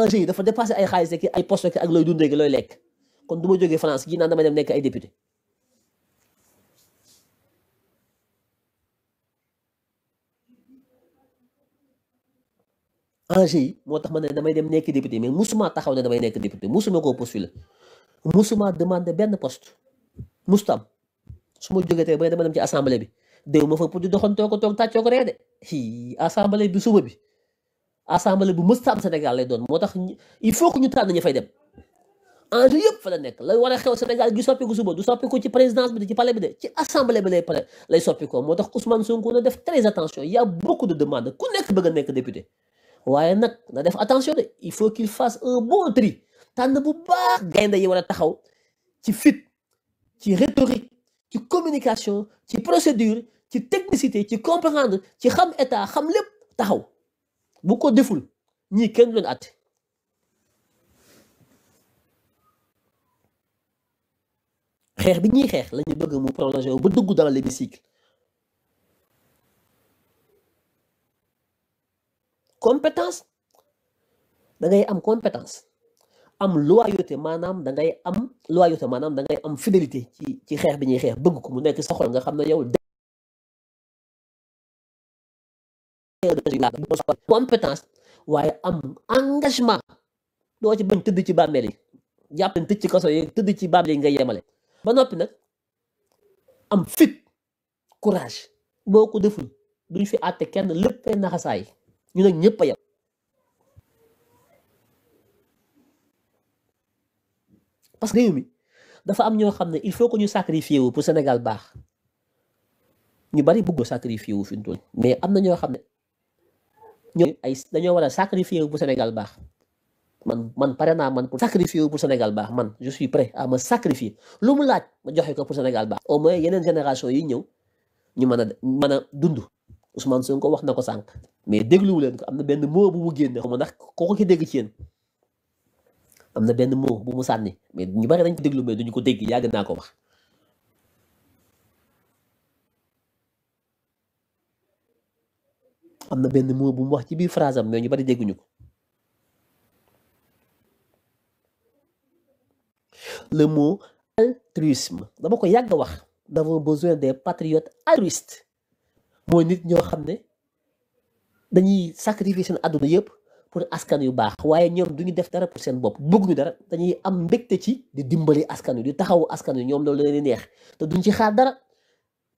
enjeu yi dafa dépassé ay xaalis ak ay poste ak looy dundee looy lekk kon du ma jógee France gi naan dama dem nekk ay député enjeu yi moo tax ma ne damay dem nekk député mais musuma taxaw ne damay nekk député musuma koo postuler musuma demandé benn post mustam suma jógee tey ba dama dem ci assemblée bi déw ma fa pour di doxantoo ko toog tàccoo ko ree de assemblée bi suba bi assemblée bu mësta Sénégal lay doon motax il faut que ñu tànn ñu fay dem enjeu yépp fa la nek la wara xew Sénégal gi soppiku suba du ko ci présidence bi ci palais bi de ci assemblée bi lay palais lay soppikoo ko motax Ousmane Sonko na def très attention il y a beaucoup de demandes ku nek bëgg nek député waaye nak na def attention de il faut qu'il fasse un bon tri tànn bu baax gaynde yi war taxaw ci fit ci rhétorique ci communication ci procédure ci technicité ci comprendre ci xam état xam lépp taxaw bu ko deful ñii kenn du leen àtte xeex bi ñuy xeex lañu bëgg mu prolonger wu ba dugg dans l'hémicycle compétence da ngay am compétence am loyauté manam da ngay am loyauté manam da ngay am fidélité ci ci xex bi ñuy xeex bëgg ko mu nekk sa nga xam ne yow laa bu waaye am engagement doo ci bañ tëdd ci bàmmeel yi jàpp tëdd ci kaso yi tëdd ci bàmmeel yi nga yemale ba noppi nag am fit courage boo ko deful duñ fi àtte kenn léppay naxasaay ñu ne ñëpp a yem parce que réew dafa am ñoo xam ne il faut que ñu sacrifié wu pour Sénégal baax ñu bari bëgg sacrifié wu fi mu mais am na ñoo xam ne ñoom ay dañoo war a sacrifier pour Sénégal baax man man pare naa man pour sacrifier pour Sénégal baax man je suis prêt à me sacrifier laaj ma joxe ko pour Sénégal baax au moins yeneen génération yi ñëw ñu mën a mën a dund Ousmane Sonko wax na ko sànq mais dégluwu leen ko am na benn mot bu mu génne xaw ma ndax kooku ki dégg ci yéen am na benn mot bu mu sànni mais ñu bari dañ ko déglu mais duñu ko dégg yàgg naa ko wax am na benn moo bu mu wax ci biir phrase am mais ñu bari dégguñu ko le mot altruisme dama ko yàgg wax nous avons besoin des patriotes altruistes mooy nit ñoo xam ne dañuy sacrifier seen àdduna yëpp pour askan yu baax waaye ñoom du ñu def dara pour seen bopp bëgg ñu dara dañuy am mbégte ci di dimbali askan yu di taxawu askan yu ñoom loolu la leen neex te duñ ci xaar dara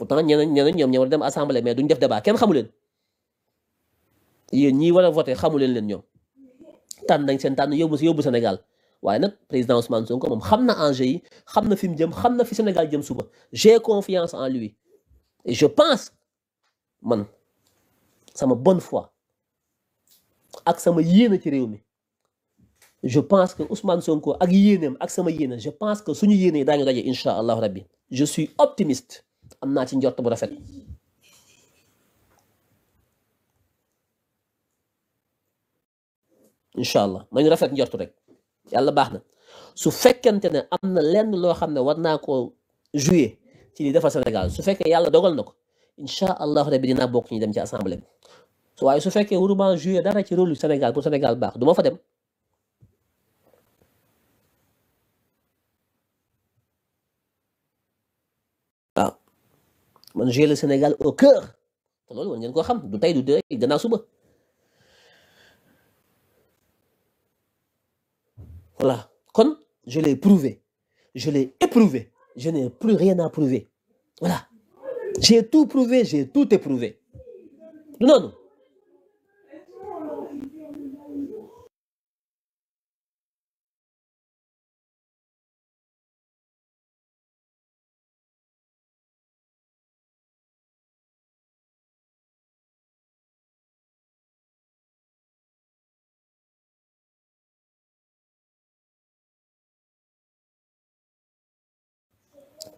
pourtant mais ñom dem assemblée mais duñ def débat kenn yeen ñi wala voter voté ñom tan nañ Sénégal nak président Ousmane Sonko mom xamna enjeu yi jëm fi Sénégal jëm suba j'ai confiance en lui et je pense man sama bonne foi ak sama yéene ci je pense que Ousmane Sonko ak ak sama je pense que suñu yéene dañu dajé inshallah je suis optimiste. amna ci njort bu rafet inshallah allah nañu rafet njort rek yàlla baxna su fekkente ne amna lenn lo xamne ne war naa koo joué ci li defar Sénégal su fekke yàlla dogal nako inshallah rabbi dina bok dinaa ñu dem ci assemblée su waaye su fekke wuruma jouer dara ci rôle du Sénégal pour Sénégal bax duma fa dem. j'ai le Sénégal au cœur voilà je l'ai prouvé je l'ai éprouvé je n'ai plus rien à prouver voilà j'ai tout prouvé j'ai tout éprouvé Non, non.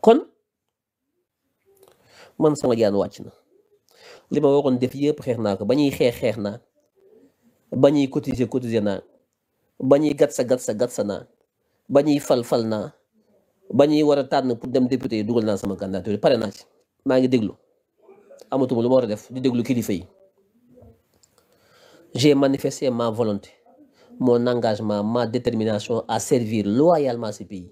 kon man sama jaan wàcc na li ma waroon def yëpp xeex naa ko ba ñuy xeex xeex naa ba ñuy cotiser cotiser naa ba ñuy gatsa gatsa gatsa naa ba ñuy fal fal naa ba ñuy war a tànn pour dem député yi dugal naa sama candidature pare naa ci maa ngi déglu amatuma lu ma war a def di déglu kilifa yi j'ai manifesté ma volonté mon engagement ma détermination à servir loyalement ce pays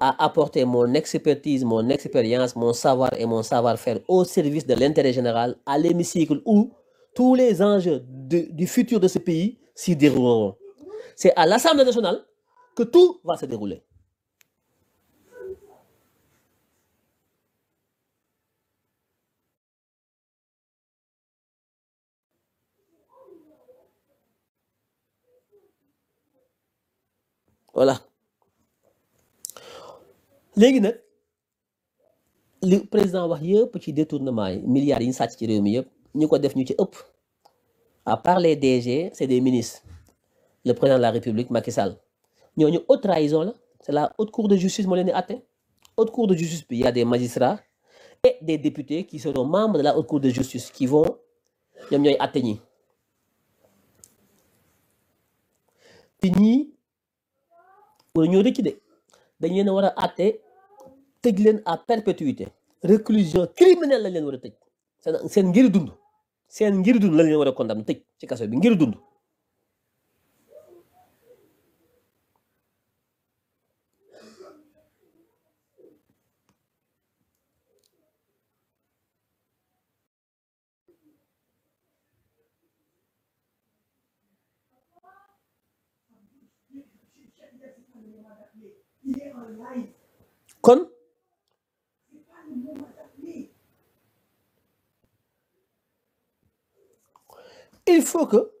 à apporter mon expertise, mon expérience, mon savoir et mon savoir-faire au service de l'intérêt général à l'hémicycle où tous les enjeux du futur de ce pays s'y dérouleront. C'est à l'Assemblée nationale que tout va se dérouler. Voilà légui nak li président wax un ci détournement milliards yi ñu sàcc ci réew mi yëpp ñu def ñu ci à part les DG c'est des ministres le président de la République Macky Sall ñu haute trahison la c'est la haute cour de justice moi leen atté haute cour de justice il y a des magistrats et des députés qui seront membres de la haute cour de justice qui vont nous ñooy atté ñi nous ñii wala ñoo de dañ tëj leen à perpétuité réclusion criminelle lañ leen war a tëj seen seen ngir dund seen ngir dund lañ leen war a condamné tëj ci kaso bi ngir dund kon il faut que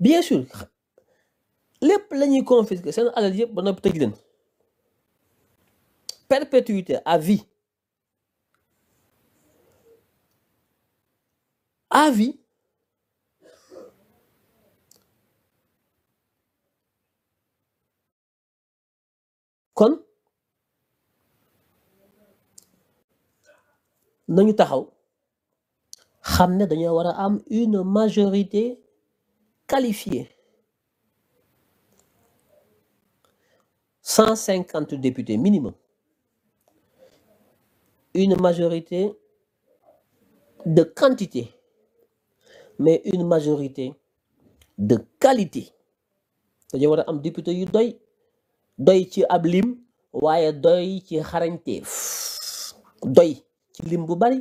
bien sûr les la ñuy confisquer la alal yëpp ba perpétuité à vie à vie quand Nous taxaw une majorité qualifiée 150 députés minimum une majorité de quantité mais une majorité de qualité dañoo war a am député qui doy doy ci ab lim waaye doy ci xarañteef doy lim bu bari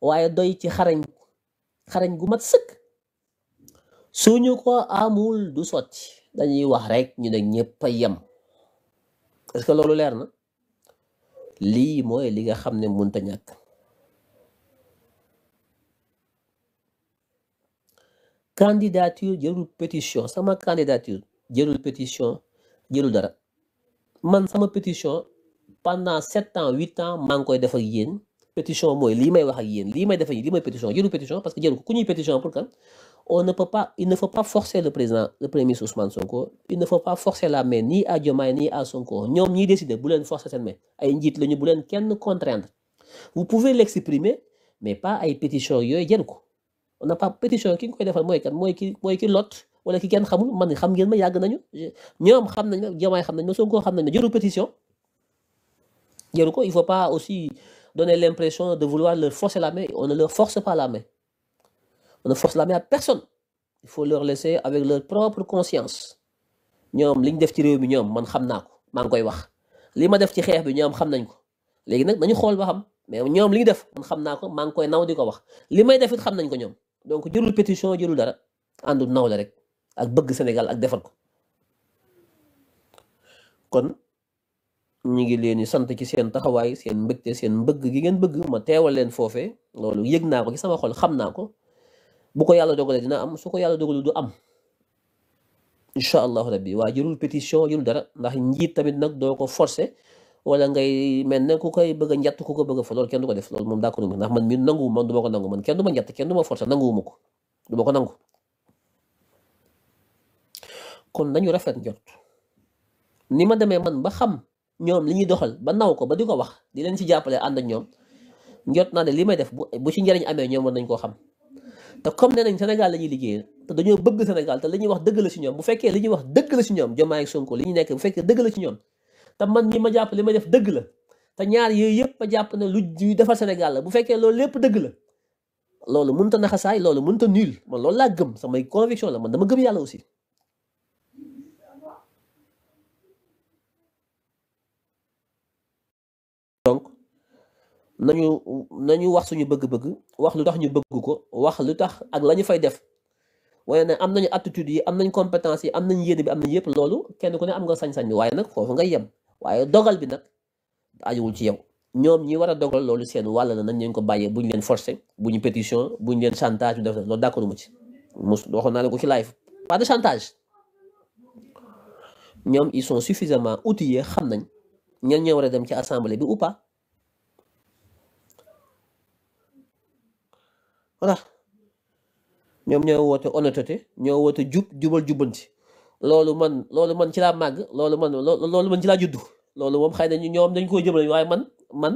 waaye doy ci xarañ xarañ gu mat sëkk su ñu ko amul du sotti dañuy wax rekk ñu ne ñëpp a yem est que loolu leer na lii mooy li nga xam ne mënta ñàkk candidature jërul pétition sama candidature jërul pétition jërul dara man sama pétition pendant sept ans huit ans maa ngi koy def ak yéen pétition mooy li may wax ak yéen li may def li may pétition jëlu pétition parce que jëlu ko ku pétition pour kan on ne peut pas il ne faut pas forcer le président le premier ministre Ousmane Sonko il ne faut pas forcer la main ni à Diomaye ni à Sonko ñom ñi décider bu len forcer sen main ay njiit lañu bu len kenn contraindre vous pouvez l'exprimer mais pas ay pétition yoy jëlu ko on n'a pas pétition ki nga koy defal moy kan moy ki moy ki lot wala ki kenn xamul man xam ngeen ma yag nañu ñom xam nañu ma Diomaye xam nañu Sonko xam nañu ma jëru pétition jëru ko il faut pas aussi donner l'impression de vouloir leur forcer la main. On ne leur force pas la main. On ne force la main à personne. Il faut leur laisser avec leur propre conscience. ñoom li def ci rew mi ñom man xam naa ko maa koy wax li ma def ci xex bi ñom xam nañ ko légui nak dañu xol ba xam mais ñom li def man xam naa ko maa koy naw di wax li may def it xam nañ ko ñom donc jërul pétition jërul dara andu naw la rek ak bëgg Sénégal ak defar ko kon ñu ngi leen di sant ci seen taxawaay seen mbëgte seen mbëgg gi ngeen bëgg ma teewal leen foofee loolu yëg naa ko ci sama xol xam naa ko bu ko yàlla dogalee dina am su ko yàlla dogalu du am incha allahu rabbi waa jërul pétition jërul dara ndax njiit tamit nag doo ko forcer wala ngay mel ne ku koy bëgg a njatt ku ko bëgg a loolu kenn du ko def loolu moom d'accord ndax man mi nanguwu man du ma ko nangu man kenn du ma njatt kenn du ma forcer nanguwuma ko du ma ko nangu kon nañu rafet njort ni ma ñoom li ñuy doxal ba naw ko ba di ko wax di leen si jàppale ànd ak ñoom njot naa ne li may def bu bu ci njëriñ amee ñoom war nañ koo xam te comme nee nañ Sénégal la ñuy liggéey te dañoo bëgg Sénégal te li ñuy wax dëgg la ci ñoom bu fekkee li wax dëgg la ci ñoom Diomaye ak Sonko li ñu nekk bu fekkee dëgg la ci ñoom te man ñi ma jàpp li may def dëgg la te ñaar yooyu yëpp ma jàpp ne lu ñuy defal Sénégal la bu fekkee loolu lépp dëgg la loolu mënut a naxasaay loolu mënut a nul man lool laa gëm samay conviction la man dama gëm yàlla aussi nañu nañu wax suñu bëgg-bëgg wax lu tax ñu bëgg ko wax lu tax ak la ñu fay def waaye nag am nañu attitude yi am nañ compétence yi am nañ yéene bi am nañ yëpp loolu kenn ku ne am nga sañ-sañ bi waaye nag foofu nga yem waaye dogal bi nag ajuwul ci yow ñoom ñi war a dogal loolu seen wàll na nañ leen ko bàyyee buñ ñu leen forcé bu ñu pétition bu leen chantage ñu def loolu d'accord ci mus waxoon naa la ko ci live pas de chantage ñoom ils sont suffisamment outillés xam nañ ñan ñoo war a dem ci assemblée bi ou pas voilà ñoom ñoo woote honnêteté ñoo woote jub jubal jubbanti loolu man loolu man ci laa màgg loolu man loolu man ci laa juddu loolu moom xëy na ñoom dañ koo jëmale waaye man man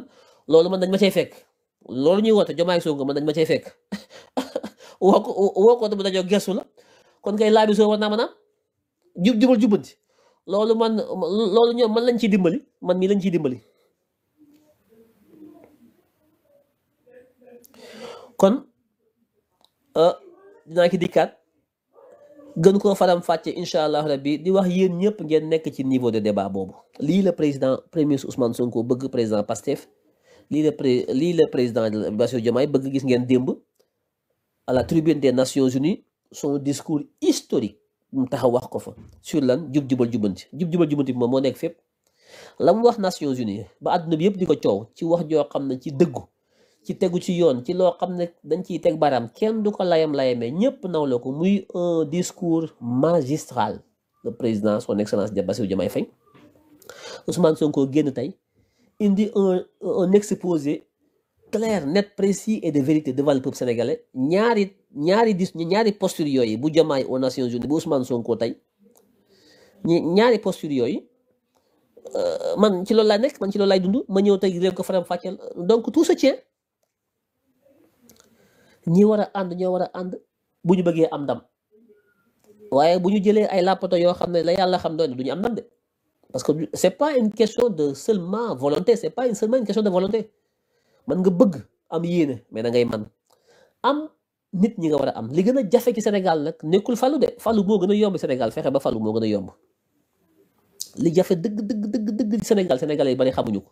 loolu man dañ ma cay fekk loolu ñuy woote jomaay Sonko man dañ ma cay fekk woo ko woo ko bu dajoo gestu la kon kay laabi soo war naa mën jub jubal jubbanti loolu man loolu ñoom man lañ ciy dimbali man mii lañ ciy dimbali kon Euh, dinaa ci dikkaat gën koo faram-fàcce incha allah rabbi di wax yéen ñëpp ngeen nekk ci niveau de débat boobu lii la président premier Ousmane Sonko bëgg président Pastef lii la pré lii la président Bassirou Diomaye bëgg gis ngeen démb à la tribune des Nations Unies son discours historique mu taxaw wax ko fa sur lan jub jubal jubanti jub jubal jubanti bi moom moo nekk fépp la mu wax Nations Unies ba àdduna bi yëpp di ko coow ci wax joo xam ne ci dëggu ci tegu ci yoon ci loo xam ne dañ ciy teg baram kenn du ko layam layame ñëpp naw la ko muy un discours magistral le président son excellence Bassirou Diomaye Faye Ousmane ko génn tey indi un un exposé clair net précis et de vérité devant le peuple sénégalais ñaari ñaari dis ñaari posture yooyu bu Diomaye aux Nations Unies bu Ousmane Sonko tey ñaari posture yooyu euh, man ci loolu laa nekk man ci loolu laay dund ma ñëw tey réew ko faram fàcceel donc tout se tient ñi war a ànd ñoo war a ànd bu ñu bëggee am ndam waaye bu ñu jëlee ay làppato yoo xam ne la yàlla xam doon du ñu am ndam de parce que c'est pas une question de seulement volonté c'est pas seulement une question de volonté man nga bëgg am yéene mais da ngay man am nit ñi nga war a am li gën a jafe ci Sénégal nag nekkul falu de falu moo gën a yomb Sénégal fexe ba falu moo gën a yomb li jafe dëgg dëgg dëgg dëgg Sénégal Sénégalais yi bari xamuñu ko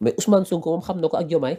mais Ousmane Sonko moom xam na ko ak Diomaye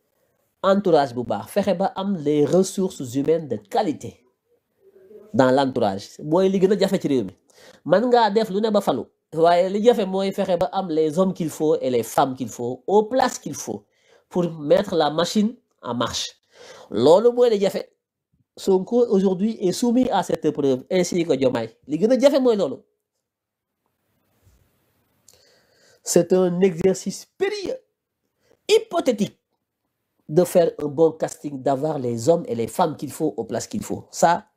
entourage bu faire ba am les ressources humaines de qualité dans l'entourage Moi, li gëna jafé ci réew mi man nga def lu né ba falu waaye li jafé moy fexé ba am les hommes qu'il faut et les femmes qu'il faut aux places qu'il faut pour mettre la machine en marche lolu mooy li Son Sonko aujourd'hui est soumis à cette épreuve ainsi que Diomaye li gëna jafé moy lolu c'est un exercice périlleux hypothétique de faire un bon casting, d'avoir les hommes et les femmes qu'il faut aux places qu'il faut. Ça,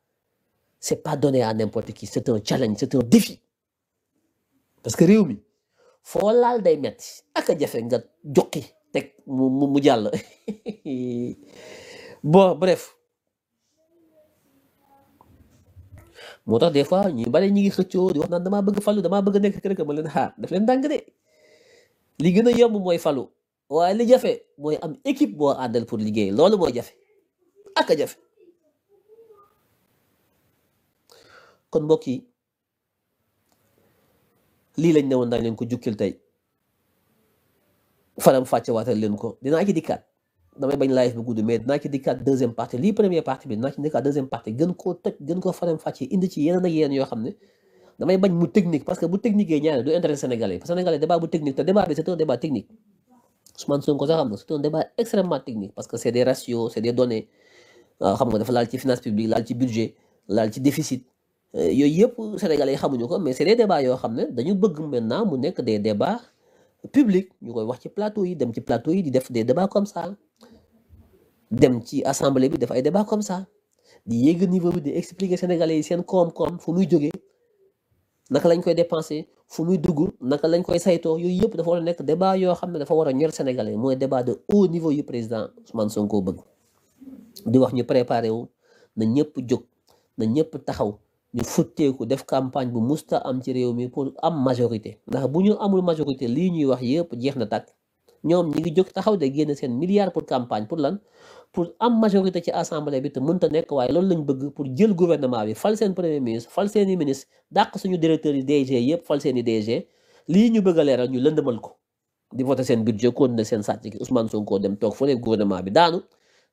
c'est pas donné à n'importe qui. C'est un challenge, c'est un défi. Parce que Réumi, faut day metti tek mu bon bref des fois bari ñi waaye li jafe mooy am équipe boo àndal pour liggéey loolu mooy jafe ak a jafe kon mbokk yi lii lañ newoon naa leen ko jukkil tey faram fàcce waatal leen ko dinaa ci dikkaat damay bañ live bu gudd mais dinaa ci dikkaat deuxième partie lii première partie bi dinaa ci dikkaat deuxième partie gën koo toj gën koo faram fàcce indi ci yeneen ak yeneen yoo xam ne damay bañ mu technique parce que bu technique yi ñaare du intérêt sénégalais parce que bu technique Ousmane Sonko sax xam c'est un débat extrêmement technique parce que c'est des ratios c'est des données xam nga dafa laal ci finance publique laal ci budget laal ci déficit eh, yooyu yëpp sénégalais yi xamuñu ko mais c'est des débats yoo xam ne dañu bëgg maintenant mu nekk des débats publics nous avons wax ci plateau yi dem ci plateau yi di def des débats comme ça dem ci assemblée bi def ay débats comme ça di yéeg niveau bi di expliquer sénégalais yi comme, comme, koom fu muy jógee naka lañ koy dépenser fu muy dugg naka lañ koy saytoo yooyu yëpp dafa war a nekk débat yoo xam ne dafa war a ñor Sénégalais mooy débat de haut niveau yu président Ousmane Sonko bëgg di wax ñu préparé wu na ñëpp jóg na ñëpp taxaw ñu futteeku def campagne bu musta am ci réew mi pour am majorité ndax bu ñu amul majorité lii ñuy wax yëpp jeex na tàkk ñoom ñi ngi jóg taxaw de génn seen milliard pour campagne pour lan pour am majorité ci assemblée bi te mënta nekk waaye loolu lañ bëgg pour jël gouvernement bi fal seen premier ministre fal seen i ministre dàq suñu directeurs yi DG yëpp fal seen i lii ñu bëgg a leeral ñu lëndëmal ko di voté seen budget continuer seen sàcc gi Ousmane Sonko dem toog fu ne gouvernement bi daanu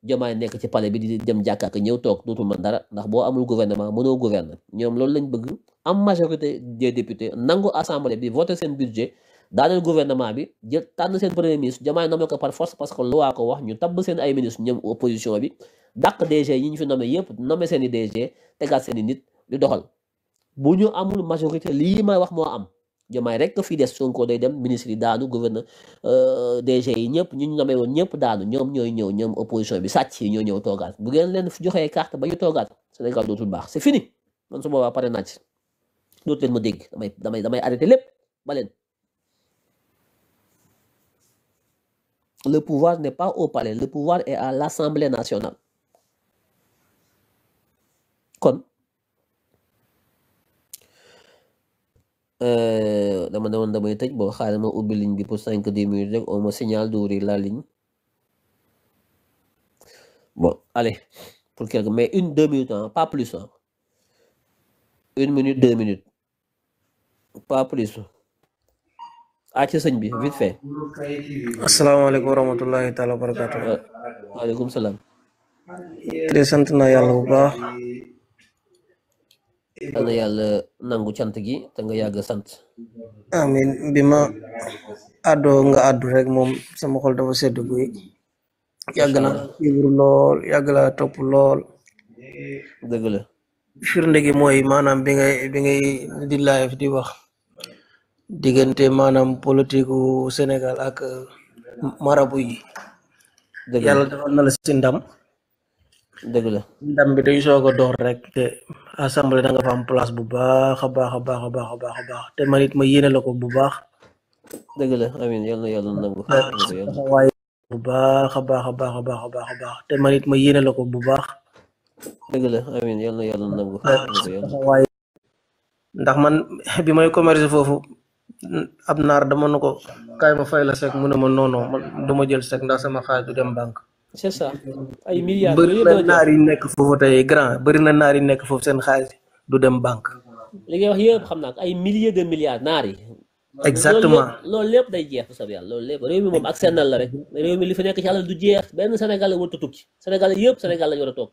jomaay nekk ci pale bi di dem jàkkaak ñëw toog dootul ma dara ndax boo amul gouvernement mënoo gouverner ñoom loolu lañ bëgg am majorité des députés nangu assemblée bi voté seen budget daaneel gouvernement bi jël tànn seen premier ministre Diomaye nommé ko par force parce que loi ko wax ñu tabb seen ay ministre ñoom opposition bi dàq DG yi ñu fi nommé yëpp nommé seen i DG tegaat seen i nit di doxal bu ñu amul majorité lii may wax moo am Diomaye rek fi des Sonko day dem ministre yi daanu gouverneur euh, DG yi ñëpp ñu nommé woon ñëpp daanu ñoom ñooy ñëw ñoom opposition bi sàcc yi ñoo ñëw toogaat bu ngeen leen joxee carte ba ñu toogaat Sénégal dootul baax ma dégg damay damay damay arrêté lépp ba leen Le pouvoir n'est pas au palais, le pouvoir est à l'Assemblée nationale. Comme. Euh, dama ne demande damay tëj boo xaaral ma ligne pour 5-10 minutes on me signale d'ouvrir la ligne bon allez pour quelque mais une deux minutes hein, pas plus hein. une minute deux minutes pas plus. ah ci sëñ bi vite fait. asalaamaaleykum wa rahmatulahi taala wa barakaatu. salaam. te sant naa yàlla bu baax. yal na yàlla nangu cant gi te nga yàgg sant. amin bi ma àddoo nga àddu rek moom sama xol dafa sedd guy. yàgg na fibre lool yàgg la topp lool. dëgg la. firnde mooy maanaam bi ngay bi ngay di live di wax. diggante manam politiku Sénégal ak marabu yi. dëgg yalla yàlla na la si ndam. dëgg la ndam bi day soog a door rek te assemblée da nga fa am place bu baax a baax a baax a baax a baax a te man ma yéene lako bu baax. dëgg la amin yalla yalla nangu waaye bu baax a baax a baax baax te ma yéene lako bu baax. dëgg la amin yalla yalla nangu waaye ndax man bi may commerce fofu ab naar dama na ko kaay ma fay la sec mu ne ma non non du ma jël sec ndax sama xaalis du dem banque. c'est ça ay milliards naar yi nekk foofu tey grand bëri na naar yi nekk foofu seen xaalis du dem banque. li ngay wax yëpp xam naa ay milliers de milliards naar yi. exactement loolu lépp day jeex bu sab yàlla loolu lépp réew mi moom ak seen la rek réew mi li fi nekk ci alal du jeex benn Sénégal warut a tukki Sénégal yëpp Sénégal lañu war a toog.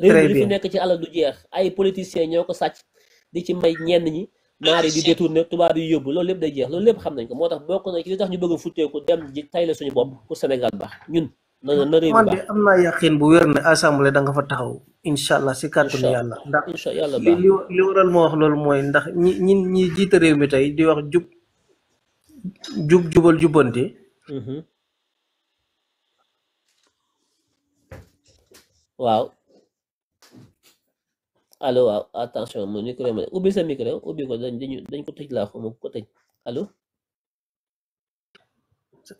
réew mi li fi nekk ci alal du jeex ay politiciens ñoo ko sàcc di ci may ñenn ñi. maari di détourné tubaab yi yóbbu loolu lépp day jeex loolu lépp xam nañ ko moo tax bokk na ci li tax ñu bëgg a futteeku dem ji tay la suñu ñun na réew baax am naa yàqin bu wér ne assemblée da nga fa taxaw incha allah si kàttanu yàlla ndax yàlla baax li waral moo wax loolu mooy ndax ñi ñi ñi jiita réew mi tey di wax jub jubal jubbanti mhm. waaw allo waaw attention mu micro ma ubbi sa micro ubbi ko dañ dañ ko tëj laa xawma ko tëj allo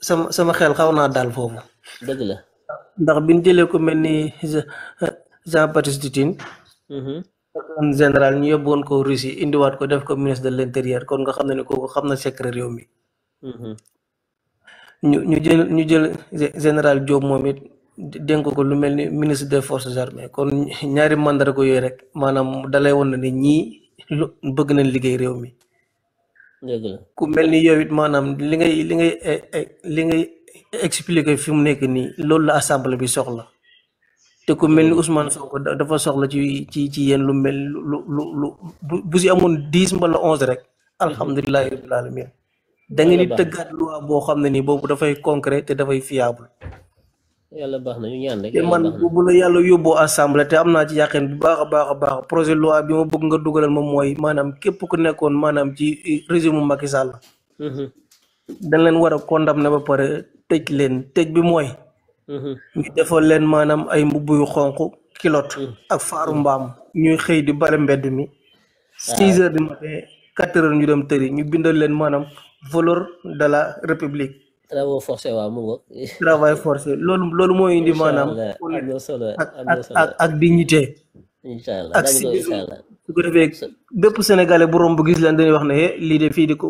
sama sama xel xaw naa daal foofu dëgg la ndax biñ jëlee ko mel ni Jean Baptiste Ditine mhm. en général ñu yóbboon ko Russie indiwaat ko def ko ministre de l'intérieur kon nga xam ne ne kooku xam na secret réew mi mhm. ñu ñu jël ñu jël général Diop moom it denko ko lu melni ministre des forces armées kon ñaari mandar ko yoy rek manam dalay won ni ñi bëgg nañ liggéey réew mi ku melni ni yow it manam li ngay li ngay e, e, li ngay expliquer fi mu nekk nii loolu la assemblée bi soxla te ku melni Ousmane Sonko dafa soxla ci ci ci yeen lu mel lu lu lu bu si amone 10 mbala 11 rek alhamdulilahi rabbil alamin da nga ni tëggaat loi bo xamne ni bobu da fay concret te da fay fiable yàlla baax na ñu ñaan rek. te man bu la yàlla yóbboo assemblée te am naa ci yàqin bu baax a baax baax projet loi bi ma bëgg nga dugalal moom mooy maanaam képp ku nekkoon maanaam ci régime Macky Sall. Mhm. dañ leen war a condamné ba pare tëj leen tëj bi mooy. Mhm. ñu defal leen maanaam ay mbubb yu xonq kilot. Mhm. ak faaru mbaam ñuy xëy di bale mbedd mi. Ah. six heures du matin quatre heures ñu dem tëri ñu bindal leen maanaam valeur de la république. travaux forcés loolu loolu moo indi maanaam. ak ak ak dignité. incha ak si su ko defee bu gis lañ dañuy wax ne eh, lii de fii di ko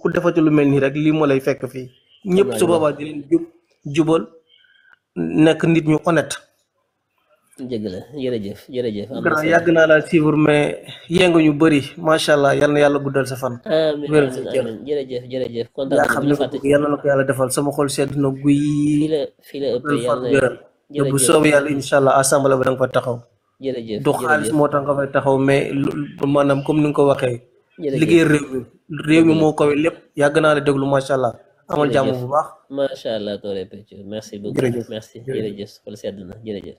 ku defati lu mel nii rek lii moo lay fekk fii. ñëpp su boobaa jubal nekk nit ñu honnête. dëgg la jërëjëf jërëjëf. yàgg naa laa suivre mais yëngu ñu bëri macha allah yal na yàlla guddal sa fan. wéral jërëjëf jërëjëf. kontaan yaa xam ne yal na ko yàlla defal sama xol sedd na guy. fii la fii la ëpp yàlla wéral bu soobee yàlla incha allah assemblée ba da nga fa taxaw. jërëjëf du xaalis moo tax nga taxaw mais maanaam comme ni nga ko waxee. liggéey réew mi moo ko lépp yàgg naa la déglu macha allah. amal jàmm bu baax. macha allah merci beaucoup merci jërëjëf xool sedd na jërëjëf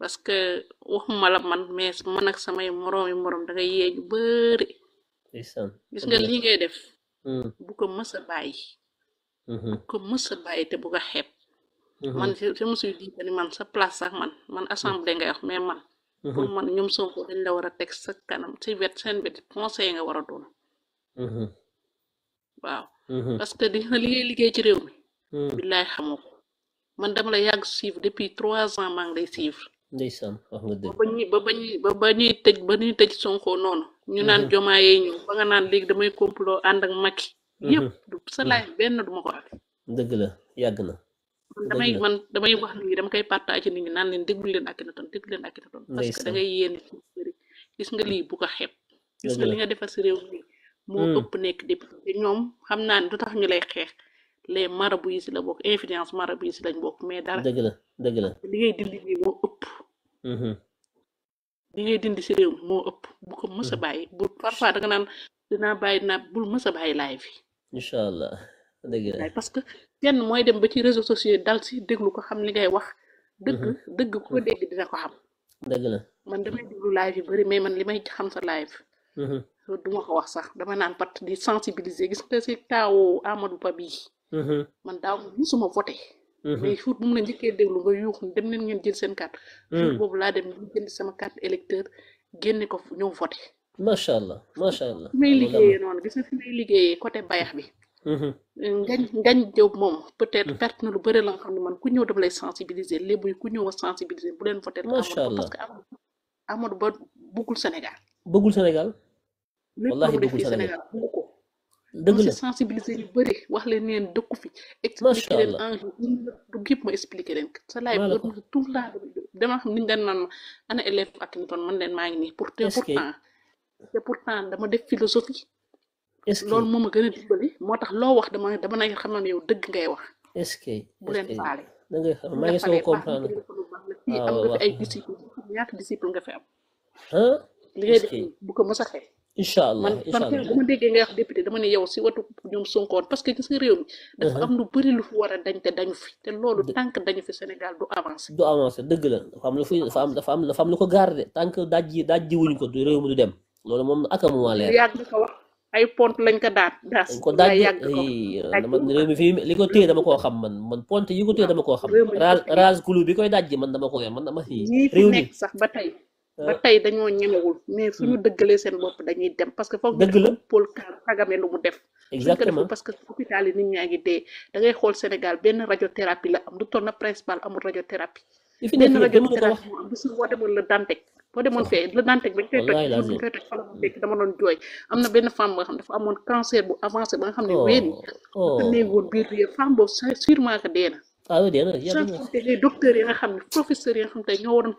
parce que waxuma la man mais man ak samay moroomi moroom da nga yeeju bëri nga lii ngay def hmm. bu ko mës a bàyyi hmm. bu ko mësa a bàyyi te bu ko xeeb hmm. man si mosuy man sa place sax man man assemblée ngay wax mais man pour man ñoom Sonko dañ la war a teg sa kanam si wet seen wet conseil nga war a doon waaw parce que di na li liggéey ci réew mi billaay xamoo ko man dama la yàgg suivre depuis trois ans maa ngi lay suivre ndeysaan wax nga dëgg bañi ñi ba ba ñi ba ñuy tëj ba ñuy tëj sonko non ñu naan joma yee ñu ba nga naan léegi damay complot and ak makki mhm. yépp du sa lay mhm. benn du mako ak wax dëgg la yag na damay man damay wax ni dama kay partager nit ñi naan leen déglu leen Akhenaton déglu leen Akhenaton parce que da ngay yeen gis nga li bu ko xép gis nga li nga defal ci rew mi mo hmm. ëpp nekk député ñom xam naan du tax ñu lay xex les marabu yi ci la bok influence marabu yi ci lañ bok mais dara. deug la deug la li ngay dindi mo upp hmm li ngay dindi ci rew mo upp bu ko mësa mm-hmm. bayyi bu parfois da nga nan dina bayyi dinaa bul mësa bayyi live yi. inshallah deug la parce que kenn moy dem ba ci réseaux sociaux dal si deglu ko xam li ngay wax. deug mm-hmm. deug ku ko deg dina ko xam. deug la man damay deglu live yi bari mais man limay xam sa live. hmm duma ko wax sax dama nan pat di sensibiliser gis nga ci taawu Amadou pabi man daaw musuma voté mais jour bu mu la njëkkee déglu nga yuuxu dem leen ngeen jël seen carte mmh. jour boobu laa dem ñu jënd sama carte électeur génne ko ñëw voté macha allah macha allah fi may liggéeyee noonu gis nga fi may liggéeyee côté bayax bi ngañ ngañ jëw moom peut-être fert na lu bëri la nga xam ne man ku ñëw daf lay sensibiliser lébu yi ku ñëw a sensibiliser bu leen voté macha allah parce que Amadou Ba bëggul Sénégal bëggul Sénégal wallahi bëggul Sénégal dëgg la sensibiliser ñu bëri wax leen leen dëkku fi. expliquer leen enjeu du gépp ma expliquer leen. sa laay bu tout le temps dama xam ni ñu daan naan ana élève ak Akhenaton man leen maa ngi nii. pour te pourtant te pourtant dama def philosophie. est-ce que loolu incha allah man man ma déggee nga wax dama ne yow si watu ñoom sonkoon parce que gis nga réew mi. dafa uh-huh. am lu bari lu fi war a dañ te dañu fi te loolu tant dañu fi Sénégal du avancé. du avancé dëgg la dafa am lu am dafa am dafa am lu ko gaar tant que daaj ji wuñ ko du réew mi du dem loolu moom ak amu ma leer. yàgg ko wax ay pont lañ ko daat daas. ko daaj réew mi fii li ko téye dama koo xam man pont yi ko téye dama koo xam. réew mi rage kulu bi koy daaj ji man dama ko yor man dama. réew mi sax ba tey ba tey dañoo ñemewul mais suñu hmm. dëggalee seen bopp dañuy dem parce que foog dëgg la lu mu def parce que hôpital yi nit ñaa ngi dee da ngay xool Sénégal benn radiothérapie la am du na principal amul radiothérapie benn radiothérapie am du suñu woo demoon bañ koy toj dama doon jooy am na benn femme ba nga xam dafa amoon cancer bu avancé ba nga xam ne oh, ween yi oh. dafa néegoon biir biir femme boobu sûrement que dee na ah oui dee nga xam ne professeurs yi nga xam ne ñoo waroon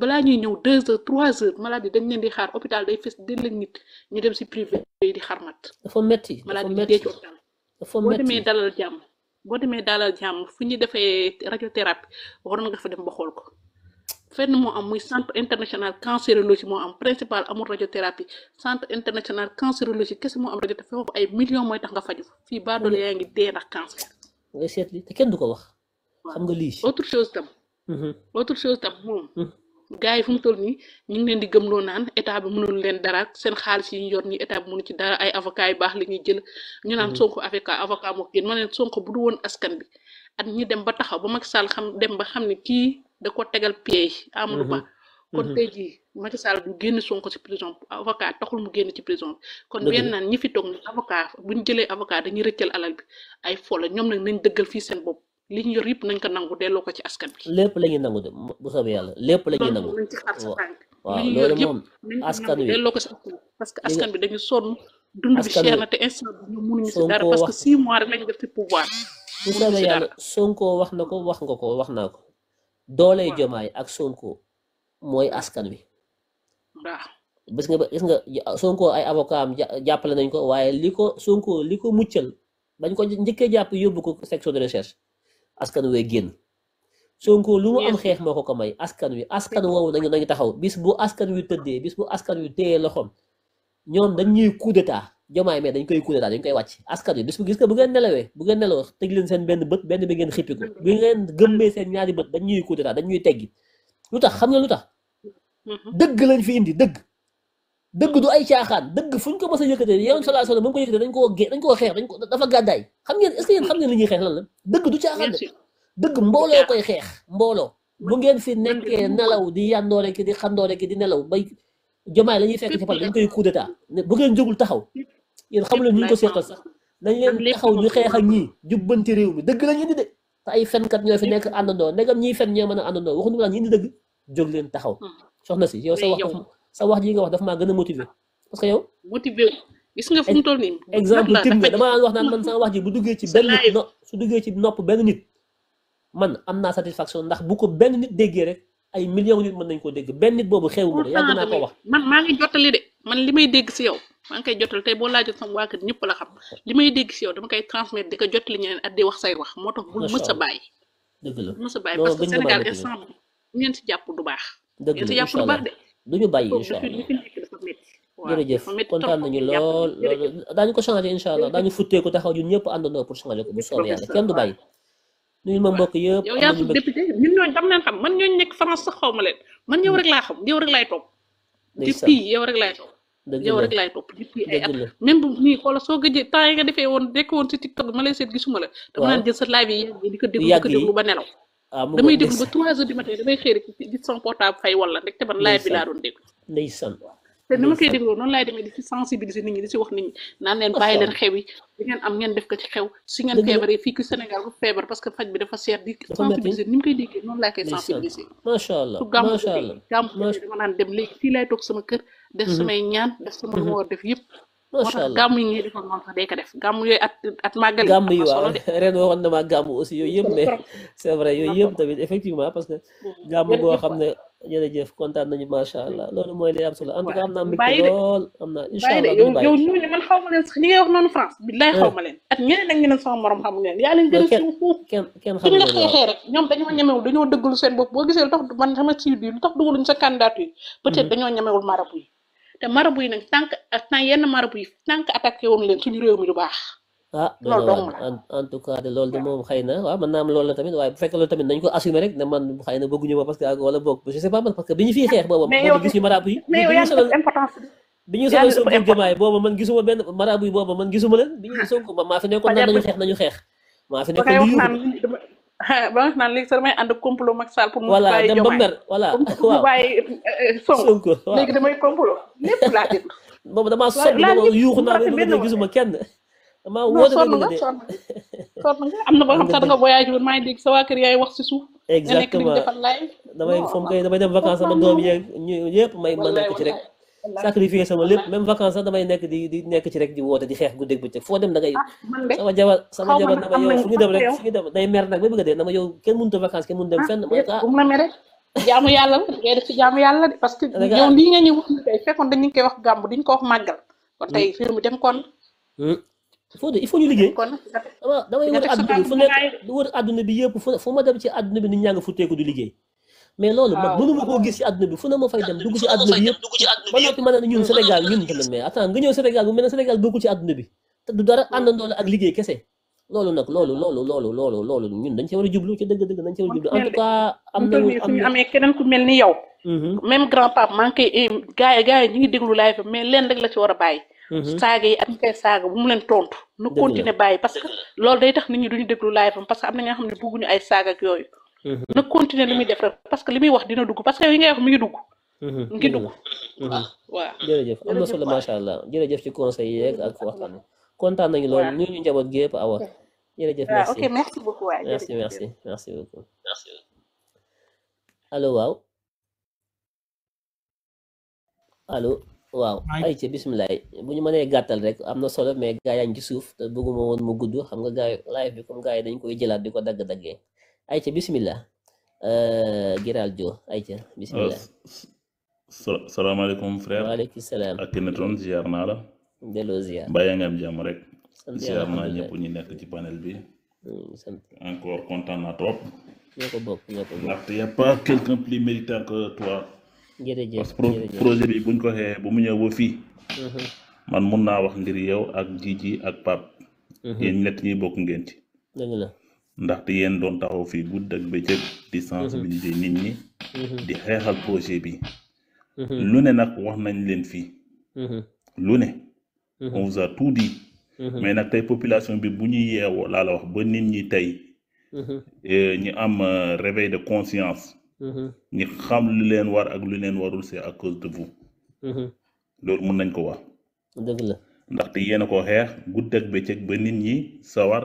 balaa ñuy ñëw deux heures trois heures malade dañ leen di xaar hôpital ñu dem si privé yi di dafa metti malade yi dee ci hôpital boo demee dalal boo demee dalal jàmm fu ñu defee radiothérapie waroon nga fa dem ba xool ko fenn moo am muy centre international cancérologie moo am principal amul radiothérapie centre international cancérologie kese moo am radiothérapie foofu ay millions mooy tax nga faju fii baa doole yaa ngi dee ndax cancer te kenn du ko wax xam nga lii autre chose tam mhm. autre chose tam moom mhm. gars yi fu mu toll nii ñu ngi leen di gëmloo naan état bi mënul leen dara seen xaalis yi ñu yor nii état bi mënu ci dara ay avocat yu baax la ñuy jël ñu naan mm. sonko avocat avocat moo gën ma leen sonko bu du woon askan bi at ñi dem ba taxaw ba mag Sall xam dem ba xam ne kii da ko tegal piège amulu Ba mm-hmm. kon mm-hmm. tey jii Macky Sall du génn Sonko ci prison avocat taxul mu génn ci prison kon benn naan ñi fi toog ni avocat bu ñu jëlee avocat dañuy rëccal alal bi ay folo ñoom nag nañ dëggal fii seen bopp li ñu yor yëpp nañ ko nangu delloo ko ci askan bi. lépp la ñuy nangu de bu soobee yàlla lépp la ñuy nangu. nañ waaw loolu askan wi delloo parce que askan bi bi cher na te instant bi ñu mënuñu si dara parce que six mois rek lañ def bu soobee yàlla Sonko wax na ko wax nga ko wax naa ko. doolee jomaay ak Sonko mooy askan wi. waaw. gis nga gis nga Sonko ay avocat am jàppale nañ ko waaye li ko Sonko li ko muccal bañ ko njëkkee jàpp yóbbu ko section de recherche. askan wee génn Sonko lu mu am xeex moo ko ko may askan wi askan woowu nañu nañu taxaw bis bu askan wi tëddee bis bu askan wi téye loxoom ñoom dañ ñuy coup d'état jomaay mais dañ koy coup d'état dañ koy wàcc askan wi bis bu gis nga bu ngeen nelawee bu ngeen nelawoo tëj leen seen benn bët benn bi ngeen xippiku bi ngeen gëmmee seen ñaari bët dañ ñuy coup d'état dañ ñuy teggi lu tax xam nga lu tax mm-hmm. dëgg lañ fi indi dëgg dëgg du ay caaxaan dëgg fu ñu ko mës a yëkkatee yow sallallahu alayhi wasallam ba mu ko yëkkatee dañ koo gée dañ koo xeex dañ ko dafa gàddaay xam ngeen est-ce xeex lan dëgg du koy xeex mbooloo bu ngeen fi nekkee nelaw di yandoore ki di xandoore ki di nelaw bay jomaay la ñuy fekk ci pal dañ koy coup d'état bu ngeen jógul taxaw yéen xam leen ñu ñu ko seeqal sax nañ leen taxaw ñu xeex ak ñii jubbanti réew mi dëgg lañ indi de te ay fenkat ñoo fi nekk àndandoo ndegam ñiy fen ñoo mën a àndandoo waxuñu la ñu indi dëgg jóg leen taxaw hmm. soxna si yow sa wax sa wax ji nga wax dafa ma gëna motiver parce que yow. motiver gis nga fu mu toll nii. exemple tim dama la wax nan man sa wax ji bu duggé ci benn su duggé ci nopp benn nit man amna satisfaction ndax bu ko benn nit déggé rek ay millions nit mën nañ ko dégg benn nit bobu xewu ya dina ko wax. man ma ngi jotali dé man limay dégg ci yow man kay jotal tay bo boo laajoon sama waa kër la xam limay dégg ci yow dama kay transmettre diko jotali ñeneen at di wax say wax motax bu mësa bay deug la mësa bay parce que Sénégal instant bi ngeen si jàpp du baax. deug la ngeen si du baax du ñu bàyyi incha allah jërëjëf kontaan nañu lool lool daañu ko changé incha allah daañu futtee ko taxaw ñun ñëpp àndandoo pour changé ko bu soobee yàlla kenn du mbokk yëpp yow yaa suñu député ñun ñooñu man ñooñ nekk France sax xaw ma leen man yow rek laa xam yow rek laay topp. depuis yow rek laay topp. yow rek laay topp depuis ay bu nii xoola soo gëjee temps yi nga woon nekk woon ma lay seet gisuma la. waaw dama sa live yi di ko déglu di ko déglu ba nelaw Ah, damay déglu ba trois heures du matin damay xëy rek gis sama portable fay wala rek te man laaj bi laa doon déglu. te ni ma koy dégloo noonu laay demee ngeen am ngeen def ko ci xew su ngeen feebaree fii ku Sénégal bu feebar parce que faj bi dafa seer di sensibiliser ni mu déggee noonu laa koy sama kër def mhm. samay ñaan def sama lu mhm. war def yëpp macha allah gàmm yi ngay defoon moom sax day ko def gàmm yooyu at at màggal gàmm yi waaw ren waxoon na ma gàmm aussi yooyu yëpp mais c'est vrai yooyu yëpp tamit effectivement parce que gàmm goo xam ne jërëjëf kontaan nañu macha allah loolu mooy li am solo en tout cas am naa mbégte lool am naa incha allah yow yow ñu ne man xaw ma leen sax li ngay wax noonu France billaay xaw ma eh. leen at ñeneen ak ñeneen sama morom xamu leen yaa leen gën a suuf foofu kenn kenn xam nga xeexee rek ñoom dañoo ñemewul dañoo dëggalu seen bopp boo gisee lu tax man sama siiw bi lu tax dugaluñ sa candidature mm-hmm. peut-être dañoo ñemewul marabu yi te marabu yi nag tant que ak tant yenn réew mi du baax. ah loolu naa am loolu la tamit waaye bu fekkee loolu tamit nañ ko assumer rek ne man xëy na bëgguñu ma parce que ak wala je sais pas man parce que bi ñu fiy xeex booba man gis benn marabu yi booba man gisuma leen bi ñu Sonko ma maa fi nekkoon naan nañu xeex nañu xeex maa fi nekkoon ba nga naan léegi sax damay ànd complot a Sall pour mu bàyyi Diomaye voilà pour mu bàyyi euh, euh, Sonko léegi damay complot lépp laa naa ne gisuma kenn damaa woote sonn nga sonn nga am na boo xam sax nga voyage woon maa dégg sa kër yaay wax si suuf exactement nga nekk di defal live damay foom kay damay dem vacances sama doom yeeg may ma nekk rek sacrifier sama lépp même vacances sax damay nekk di nekk ci rek di woote di xeex guddeeg bëccëg foo dem da ah, sama jabar sama jabar nag ba bëgg a dee dama yow kenn mënut a vacances kenn ah, ah. de parce que wax tey fekkoon ko wax màggal kon tey hmm. réew mi dem kon hmm. il faut il faut ñu liggéey damay wër àdduna bi fu nekk wër àdduna bi yëpp fu ma dem ci àdduna bi nit ñaa nga futteeku du liggéey mais loolu man mënu ma koo gis si àdduna bi fu ne ma fay dem dugg si àdduna bi ba nga ñëw Sénégal loolu nag loolu loolu loolu loolu loolu ñun dañ ci war a jublu ci a jublu en mhm. ngi koy gars yi mais leen la ci a bàyyi mhm. saaga yi ak ñu koy saaga leen tontu nu continuer bàyyi parce loolu day tax nit ñi duñu déglu live parce que am nga xam ne bëgguñu ay saaga ak yooyu Mhm. na continuer limi def rek parce que limi wax dina dugg parce que yi ngay wax mi ngi dugg. Mhm. mi ngi dugg mhm. waaw jere jef amna solo ma sha allah jere jef ci conseil yek ak waxtan content nañu lool ñu ñu njaboot gi yëpp jere jef merci ok merci beaucoup waay merci merci merci beaucoup. merci allo waaw. allo waaw ay ci bismillah bu ñu mënee gàttal rek amna solo mais gaay yañ ci suuf te bëgguma won mu guddu xam nga gaay live bi comme gaay dañ koy jëlat diko dag dagg ayca bismillah eh, giral jo ayca bismillah Assalamualaikum, frère Waalaikumsalam. salaam ak ton ziar na la Delo ziar Baye ngam jam rek ziar na ñepp ñi nekk ci panel bi hmm, encore content na trop Ñoko bok, ñoko bok. ko y a pas quelqu'un plus méritant que toi jërëjëf parce que projet bi buñ ko xé bu mu ñëw fi. fii hmm. man mun wax ngir yow ak Jiji ak Pape hmm. yéen net ñi bok ngeen ci dëgg la ndaxte yéen doon taxaw fii gudd ak bëccëg di sensibiliser mhm. nit ñi mhm. di xeexal projet bi mhm. lu ne nag wax nañ leen fi lu ne on vous a tout dit mais nag tey population bi bu ñu yeewoo laa la wax ba nit ñi tey eh, ñu am euh, réveil de conscience ñu xam lu leen war ak lu leen warul c'est à cause de vous loolu mun nañ ko wax dëgg la ndaxte yéen a ko xeex gudd ak bëccëg ba nit ñi sawar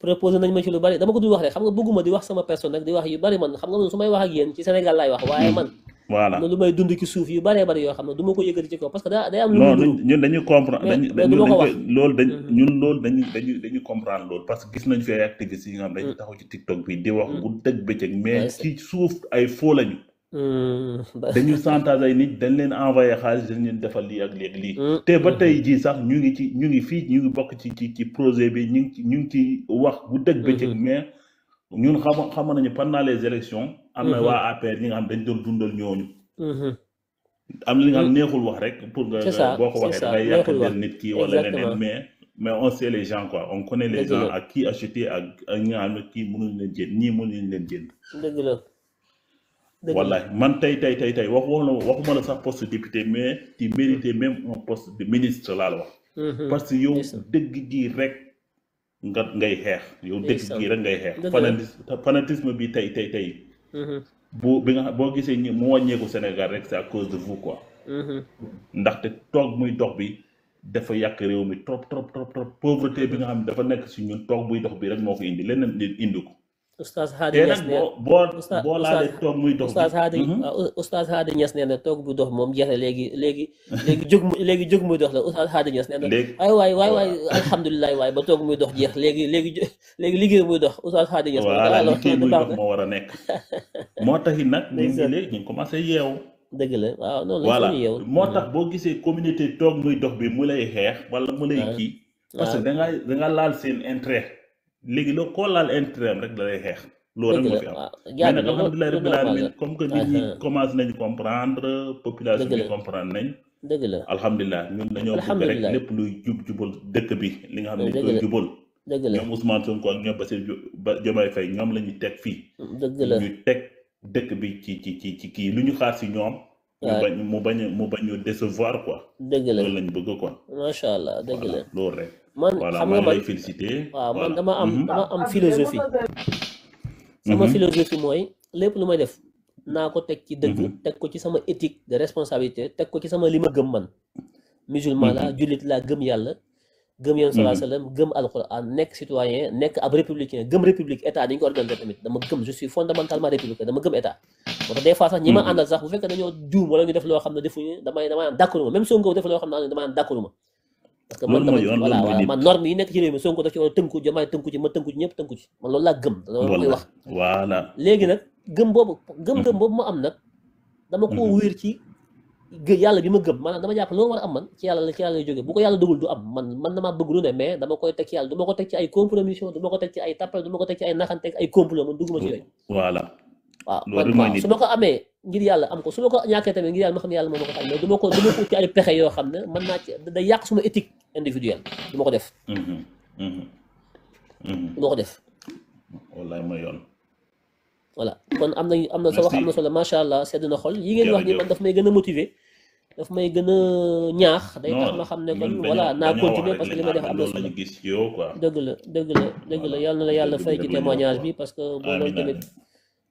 proposé nañ ma ci lu bari dama ko dul wax rek xam nga bëgguma di wax sama personne nag di wax yu bari man xam nga man su may wax ak yéen ci suuf yu bëree bëri yoo xam ne du ma ko yëkkati ci kaw parce que daa day am lu non dañ mm-hmm. dañu dañu dañuy que gis nañ fi ay activistes yi nga xam dañu mm. taxaw ci TikTok bi di wax bu mm. dëgg bëccëg mais ci suuf ay faux lañu Hmm. dañu chantage nit dañ leen envoyé xaalis dañ leen defal lii ak lii lii. Hmm. te ba tey jii sax ñu ngi ci ñu ngi fii ñu ngi bokk ci ci ci projet bi ñu ngi ñu ngi ci wax bu dëgg hmm. bëccëg mais ñun xam xam nañu pendant les élections am na waa APR ñi nga xam dañ doon dundal ñooñu. am na li nga xam neexul wax rek. pour nga boo ko waxee dangay yàq benn nit kii wala leneen mais. mais on sait les gens quoi on connaît les gens ak kii acheter ak ak ñi nga xam ne kii mënuñ leen jënd ñii mënuñ leen jënd. dëgg la. Voilà, man tay tay tay tay waxuma la waxuma la sax poste député mais tu mérité hmm. même un poste de ministre là la wax. Hmm, hmm. parce que yow deug gi rek nga ngay xex. yow deug gi rek ngay xex. fanatisme fanatisme bi tay tay tay. bu bi nga boo gisee ñu Sénégal rek c'est à cause de vous quoi. te tok muy dox bi dafa yak réew mi trop trop trop trop pauvreté bi nga xam dafa nek ci ñun tok muy dox bi rek moko indi leneen indi ko. Oustaz Hady Niass nee na boo toog muy dox Oustaz Hady Oustaz mhm. uh, Hady Niass nee toog bu dox moom jeex na léegi léegi léegi jóg léegi jóg muy dox la Oustaz Hady Niass nee na ay waay waay waay alhamdulilah ba toog muy dox jeex léegi léegi léegi liggéey muy dox Oustaz Hady Niass voilà liggéey muy dox moo war a nekk moo tax nag ñu ngi léegi ñu ngi commencé yeewu dëgg la waaw noonu la ñu yeewu moo tax boo gisee communauté toog muy dox bi mu lay xeex wala mu lay kii parce que da laal seen intérêt léegi loo koo laal intérêt rek da lay xeex. loolu rek moo ah, comme que nit ñi ah, ah. commencé nañu comprendre population nañ. dëgg la alhamdulilah ñun dañoo bëgg rek lépp luy jub jubal dëkk bi li nga xam ne koy jubal. dëgg la ñoom Ousmane Sonko ak ñoom Bassirou Diomaye Faye ñoom la ñu teg fii. dëgg teg dëkk bi ci ci ci ci kii lu ñu xaar si ñoom. mu mu bañ mu bañ décevoir quoi. dëgg la loolu lañ bëgg quoi. macha allah dëgg loolu rek. man xam nga man waaw man dama am mhm. dama am philosophie sama mhm. philosophie mooy lépp lu may def naa ko teg ci dëgg mhm. teg ko ci sama éthique de responsabilité teg ko ci sama li ma gëm man musulman la jullit laa gëm yàlla gëm yoon salaa gëm alquran nekk citoyen nekk ab républicain gëm république état dañu ko organiser tamit dama gëm je suis fondamentalement républicain dama gëm état moo tax des fois sax ñi ma àndal sax bu fekkee dañoo juum wala ñu def loo xam ne defuñu damay damay d'accord loo xam ne damay ma parce que man norme yi nekk ci réew mi Sonko daf ci war a tënku Diomaye tënku ci ma tënku ci ñëpp tënku ci man loolu laa gëm loolu koy wax léegi nag gëm boobu gëm-gëm mm-hmm. boobu ma am nag dama koo mm-hmm. wéer ci gë yàlla bi ma gëm maanaam dama jàpp loo war a am man ci yàlla la ci yàlla lay jógee bu ko teg ci yàlla du ma ko teg ci ay compromission du ma ko teg ci ay tappale du ma ko teg ci ay naxante ay complot dugguma ci yooyu voilà waaw su ma ko amee ngir yàlla am ko su ma ko ñàkkee tamit ngir yàlla ma xam ne yàlla moom ma ko fay mais du ma ko du ma ko ci ay pexe yoo xam ne mën naa ci day yàq suma éthique individuelle du ma ko def. du ma ko def. wallaay mooy yoon. voilà kon am nañu am na sa wax am na solo macha allah sedd na xol yi ngeen wax ni man daf may gën a motiver daf may gën a ñaax. day tax ma xam ne kon voilà naa continuer parce que li ma def am na solo. dëgg la dëgg la dëgg la yal na la yàlla fay ci témoignage bi parce que boo loolu tamit.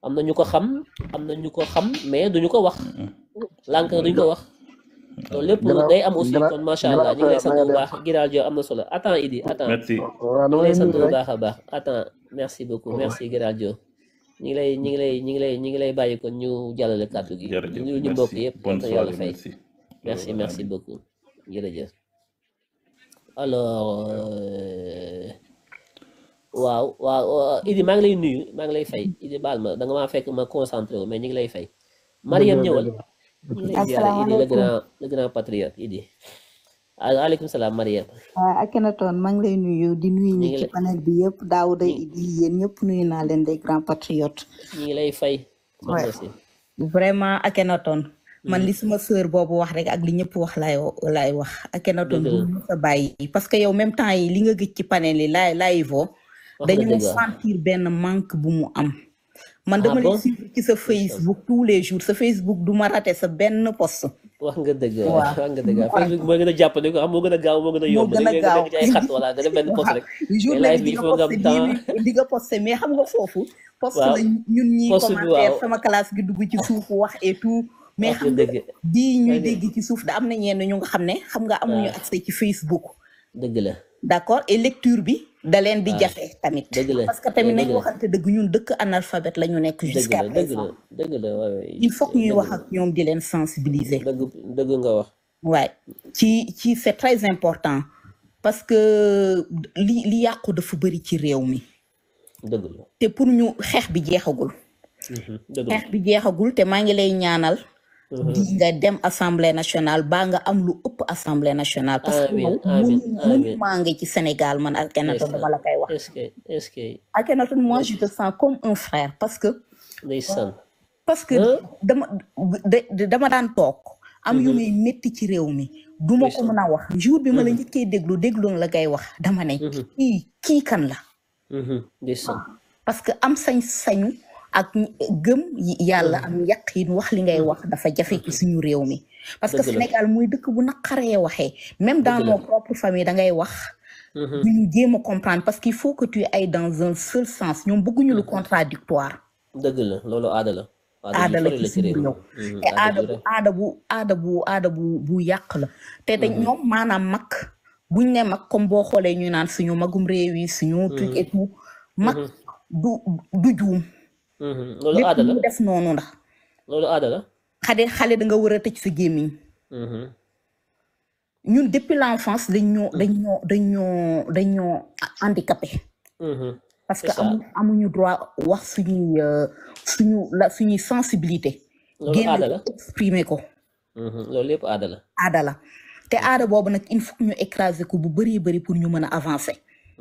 am na ñu ko xam am na ñu ko xam mais duñu ko wax lànk duñu ko wax loolu lépp day am aussi kon macha allah ñu ngi lay sant baax Giral am na solo attends Idi attends ñu lay sant bu baax a baax attends merci beaucoup merci Giral jo ñu ngi lay ñu ngi lay ñu ngi lay ñu ngi lay bàyyi kon ñu jàllale kàddu gi ñu ñu mbokk yëpp kon yàlla fay merci merci beaucoup jërëjëf alors euh, waaw waaw Idi maa ngi lay nuyu maa ngi lay fay Idi baal ma da nga maa fekk ma concentré wu mais ñu ngi lay fay. Mariam ñëwal. asalaamaaleykum le grand le grand patriote Idi. Mariam. waaw Akhenaton maa ngi lay nuyu di nuyu ñi ci panel bi yëpp Daouda Idi yéen ñëpp nuyu naa leen des grands patriotes. ñu ngi lay fay. vraiment Akhenaton man hmm. li suma sœur boobu wax rek ak li ñëpp wax lay lay wax Akhenaton du sa bàyyi parce que yow même temps yi li nga gëj ci panel yi laay dañoo sentir benn manque bu mu am man ah dama lay suivre ci sa Facebook tous les jours sa Facebook du ma raté sa benn post wax nga dëgg wax nga dëgg Facebook moo gën a jàppandi ko am ah, moo gën a gaaw moo gën a yomb moo gën ay xat wala nga def benn post rek jour la il faut nga am temps li nga posté mais xam nga foofu post la ñun ñi commentaire sama classe gi dugg ci suuf wax et tout mais xam nga di ñuy dégg ci suuf da am na ñenn ñu nga xam ne xam nga amuñu ah. accès ci Facebook dëgg la d'accord et lecture bi dalen di ah, jafé tamit. parce que tamit nañ waxante deug ñun deuk analphabète lañu ñu nekk. jusqu'à présent deug la il faut ñuy wax ak ñom di len sensibiliser. deug deug nga wax. waay ci ci c'est très important parce que li li yàqu dafa bëri ci réew mi. deug la té pour ñu xex bi jeexagul. Mhm, xex bi jéxagul té ma ngi lay ñaanal. di nga dem assemblée nationale baa nga am lu ëpp assemblée nationale. parce que man munu maa ngi ci Sénégal man Akhenaton dama la koy wax. est-ce que est-ce sens comme un frère parce que. parce que dama dama daan toog. am yu muy métti ci réew mi. du ko mën a wax. jour bi ma la njëkkee déglu déglu la ngay wax dama ne. kii kii kan la. parce que am sañ-sañu. ak gëm yalla mm. am yaqin wax li ngay mm. wax dafa jafe ci mm. suñu réew mi parce que Sénégal muy dëkk bu naqaree waxé même dans nos propres familles da ngay wax mm-hmm. duñu jéem a comprendre parce qu'il faut que tu ailles dans un seul sens ñoom bëgguñu lu mm-hmm. contradictoire dëgg la loolu aada la aada la ci suñu réew mm-hmm. te aada bu aada bu aada bu aada bu bu yàq la te dañ ñoom maanaam mag buñ ne mag comme boo xoolee ñu naan suñu magum réew yi suñu truc et tout mag du du juum Mhm. loolu aada la lépp def noonu loolu aada la. xade xale da nga war a tëj sa gémmiñ. Mhm. ñun depuis l' enfance dañ ñoo dañ ñoo dañ ñoo dañ ñoo mhm. parce que amuñu droit wax suñuy euh, suñu la suñuy sensibilité. loolu aada ko. loolu lépp aada la. aada la te aada boobu nag il faut ñu écraser ko bu bëree bëri pour ñu mën a avancer.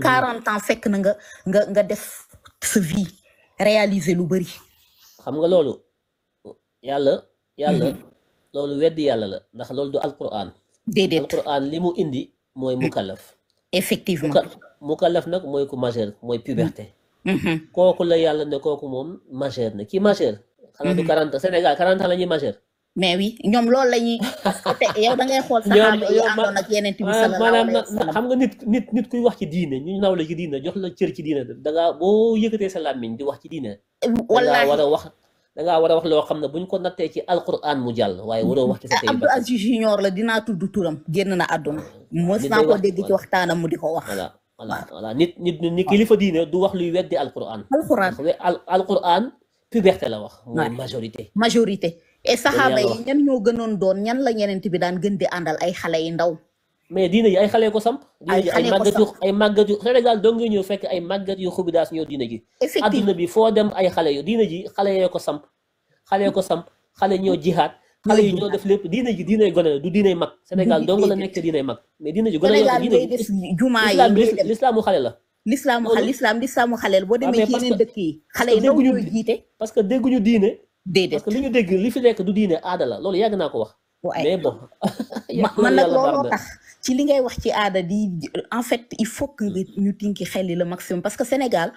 40 mhm. ans fekk na nga nga nga def sa vie réaliser lu bëri. xam nga loolu yàlla. yàlla mhm. loolu weddi yàlla la ndax loolu du alquran. déedéet alquran li mu indi mooy mhm. mukallaf. effectivement mukallaf nag mooy ku majeur mooy puberté. kooku la yàlla ne kooku moom majeur na ki majeur. xanaa du 40 Sénégal 40 ans la ñuy majeur. mais oui ñoom loolu la ñuy te yow da ngay xool saxaaba yi àndoon yeneen tamit maanaam xam nga nit nit nit kuy wax ci diine ñu naw la ci diine jox la cër ci diine da ngaa boo yëkkatee sa làmmiñ di wax ci diine wallaahi war a wax dangaa war a wax loo xam ne buñ ko nattee ci alquran mu jàll waaye waroo wax ci sa tey Abdou Aziz Junior la dinaa tudd turam génn na àdduna ah, mos naa ko dégg ci waxtaanam mu di ko wax voilà voilà nit nit ni kilifa diine du wax luy weddi alquran alquran alquran puberté la wax mooy majorité majorité et saxaaba yi ñan ñoo gënoon doon ñan la yenent bi daan gën di àndal ay xale yu ndaw. mais diine yi ay xale ko samp. ay xale ko samp ay màggat yu Sénégal dong nga ñëw fekk ay màggat yu xubidaas ñoo diine ji. effectivement adduna bi foo dem ay xale yu diine ji xale yoo ko samp. xale ko samp xale ñoo jihaat. xale yi ñoo def lépp diine ji diine gone la du diine mag. Sénégal dong la nekk diine mag. mais diine ji gone la diine ji jumaa yi lislaam lislaamu xale la. lislaamu xale lislaamu xale la boo demee ci yeneen dëkk yi xale yi ndaw ñoo jiite parce que dégguñu diine déedéet parce que li ñu dégg li fi nekk du diine aada la loolu yàgg naa ko wax. mais bon. man nag looloo tax ci li ngay wax ci aada di en fait il faut que ñu tinki xel le maximum parce que Sénégal.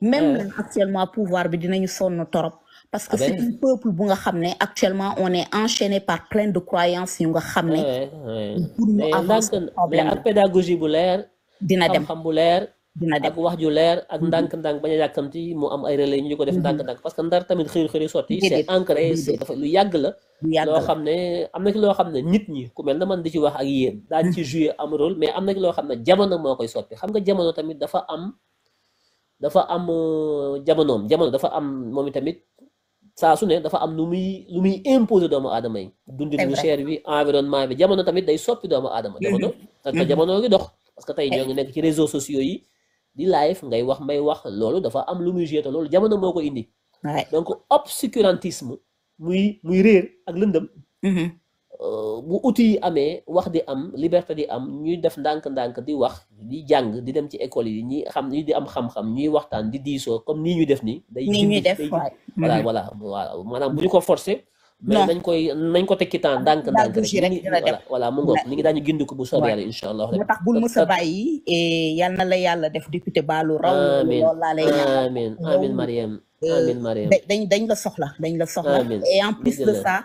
même actuellement pouvoir bi dinañu sonn torop. parce que ah ben c'est un peuple bu nga xam ne actuellement on est enchaîné par plein de croyances yu nga xam ne. pour ñu avancer problème ak pédagogie bu leer. dina dem xam-xam bu leer. dina dem ak wax ju leer ak mhm. mhm. ndànk-ndànk parce que ndar tamit xëy xëy sotti c'est ancré c'est lu yàgg la loo xam ne am na ci loo xam ne nit ñi ku mel na man di ci wax ak yéen daan ci mhm. jouer am rôle mais am na ci loo xam ne jamono moo koy sotti xam nga jamono tamit dafa am dafa am euh, jamonoom jamono dafa am moom tamit saa su ne dafa am lu muy lu muy imposer doomu adama yi dundin bu cher bi environnement bi jamono tamit day soppi doomu aadama jamono parce que tey ñoo eh. ngi nekk ci réseaux sociaux yi di live ngay wax may wax loolu dafa am lu muy jeeto loolu jamono moo ko indi donc obscurantisme muy muy réer ak lëndëm mm-hmm. euh, bu outil yi amee wax di am liberté di am ñuy def ndànk-ndànk di wax di jàng di dem ci école yi ñi xam ñi di am xam-xam ñuy waxtaan di diisoo comme nii ñuy def nii day ñuy def mm-hmm. voilà voilà maanaam bu ñu ko forcer mais nañ koy nañ ko tekki temps ndànk ndànk rek voilà mu ngoog ni ngi daañu gindiku bu soobee yàlla incha allah moo tax bul mësa bàyyi yal na la yàlla def député baalu raw loolu laa lay ñaan euh, dañ dañ la soxla dañ la soxla et en plus de ça ah.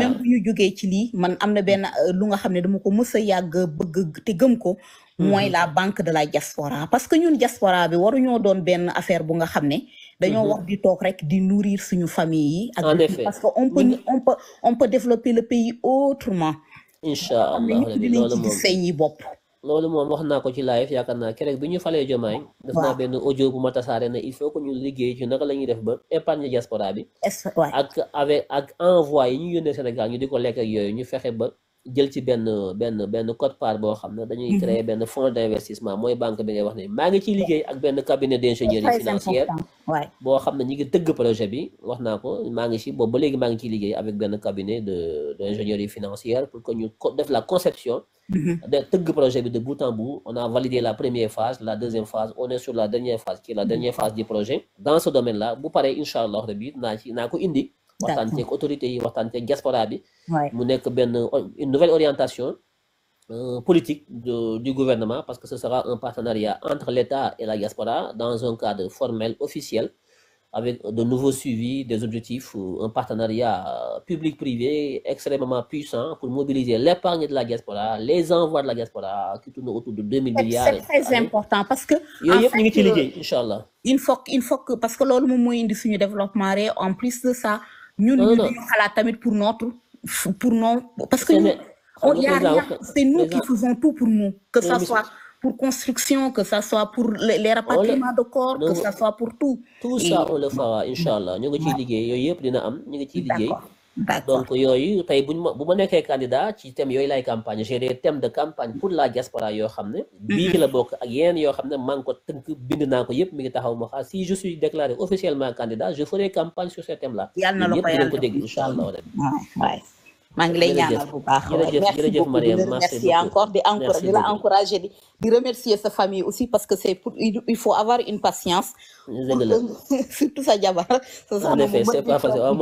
même bu ñu jógee ci lii man am na benn euh, lu nga xam ne dama ko mës a yàgg bëgg te gëm ko mm-hmm. mooy la banque de la diaspora parce que ñun diaspora bi waruñoo doon benn affaire bu nga xam ne dañoo mhm. wax di toog rek di nourrir suñu famille yi. ak parce que on peut on peut on peut développer le pays autrement. inshallah allah loolu moom bopp. loolu moom wax naa ko ci live yaakaar naa keroog bi ñu falee jomaay. def naa benn audio bu ma tasaare ne il faut que ñu liggéey ci naka la ñuy def ba épargne diaspora bi. ak avec ak envoi yi ñu yónnee Sénégal ñu di ko lekk ak yooyu ñu fexe ba jël ci benn benn benn code part boo xam ne dañuy mhm. créer benn fonds d'investissement mooy banque bi ngay wax ne maa ngi ak cabinet d'ingénierie financière boo xam ne ñi ngi tëgg projet bi a naa ko ngi ba ngi avec benn cabinet de d'ingénierie financière pour que ñu def la conception mhm. de tëgg projet bi de bout en bout on a validé la première phase la deuxième phase on est sur la dernière phase qui est la mhm. dernière phase du projet dans ce domaine là bu parlez incha allah rabbi naa ci naa indi autorité yi diaspora bi mu une nouvelle orientation euh, politique du gouvernement parce que ce sera un partenariat entre l'État et la diaspora dans un cadre formel officiel avec de nouveaux suivis des objectifs euh, un partenariat euh, public-privé extrêmement puissant pour mobiliser l'épargne de la diaspora les envois de la diaspora qui tournent autour de 2 milliards c'est très important parce que Il y a il faut il faut que parce que loolu moom mooy indi développement en plus de ça nous ñu dañu xalaat tamit pour notre pour nous, parce que on y a c'est nous qui faisons tout pour nous que ça soit pour construction, que ça soit pour les, rapatriements de corps, que ça soit pour tout. Tout ça, on le fera, Inch'Allah. Nous am ñu nous ci dit donc yooyu tey buñ ma bu ma nekkee candidat ci thème yooyu la campagne j'ai des thèmes de campagne pour la diaspora yoo xam ne mhm. bii la bokk ak yeneen yoo xam ne maa ngi ko tënk bind naa ko yëpp mi ngi taxaw ma si je suis déclaré officiellement candidat je ferai campagne sur ces thèmes là yàlla na la ko yàlla ko dégg incha allah merci encore de de la encourager remercier sa famille aussi parce que c'est pour il faut avoir une patience surtout c'est pas facile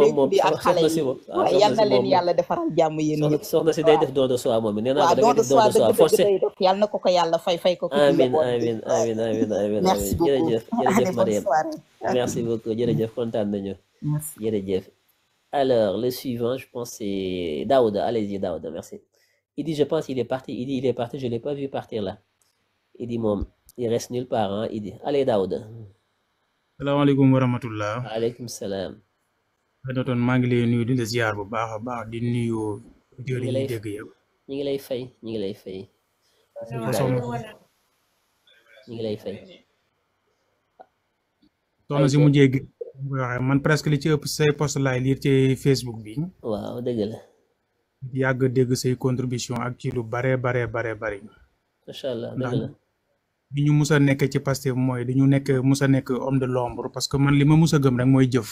merci beaucoup Alors, le suivant, je pense, c'est Daoud. Allez-y, Daoud, merci. Il dit, je pense, qu'il est parti. Il dit, il est parti, je ne l'ai pas vu partir là. Il dit, mon, il reste nulle part. Hein, il dit, allez, Daoud. Salam alaikum wa rahmatullah. Alaikum salam. Doton, maa ngi lay nuyu di la ziar bu baax a baax di nuyu. ñu ngi lay dégg yow. ñu ngi lay fay ñu ngi lay fay. ñu ngi lay fay. soxna si mujjee waaw man presque li ci ëpp say post laay liir ci Facebook bi. waaw dëgg la. yàgg dégg say contribution ak ci lu bare bare bare bari. macha allah dëgg la bi ñu mus a nekk ci Pastef mooy dañu nekk mus a nekk homme de l'ombre parce que man li ma mus a gëm rek mooy jëf.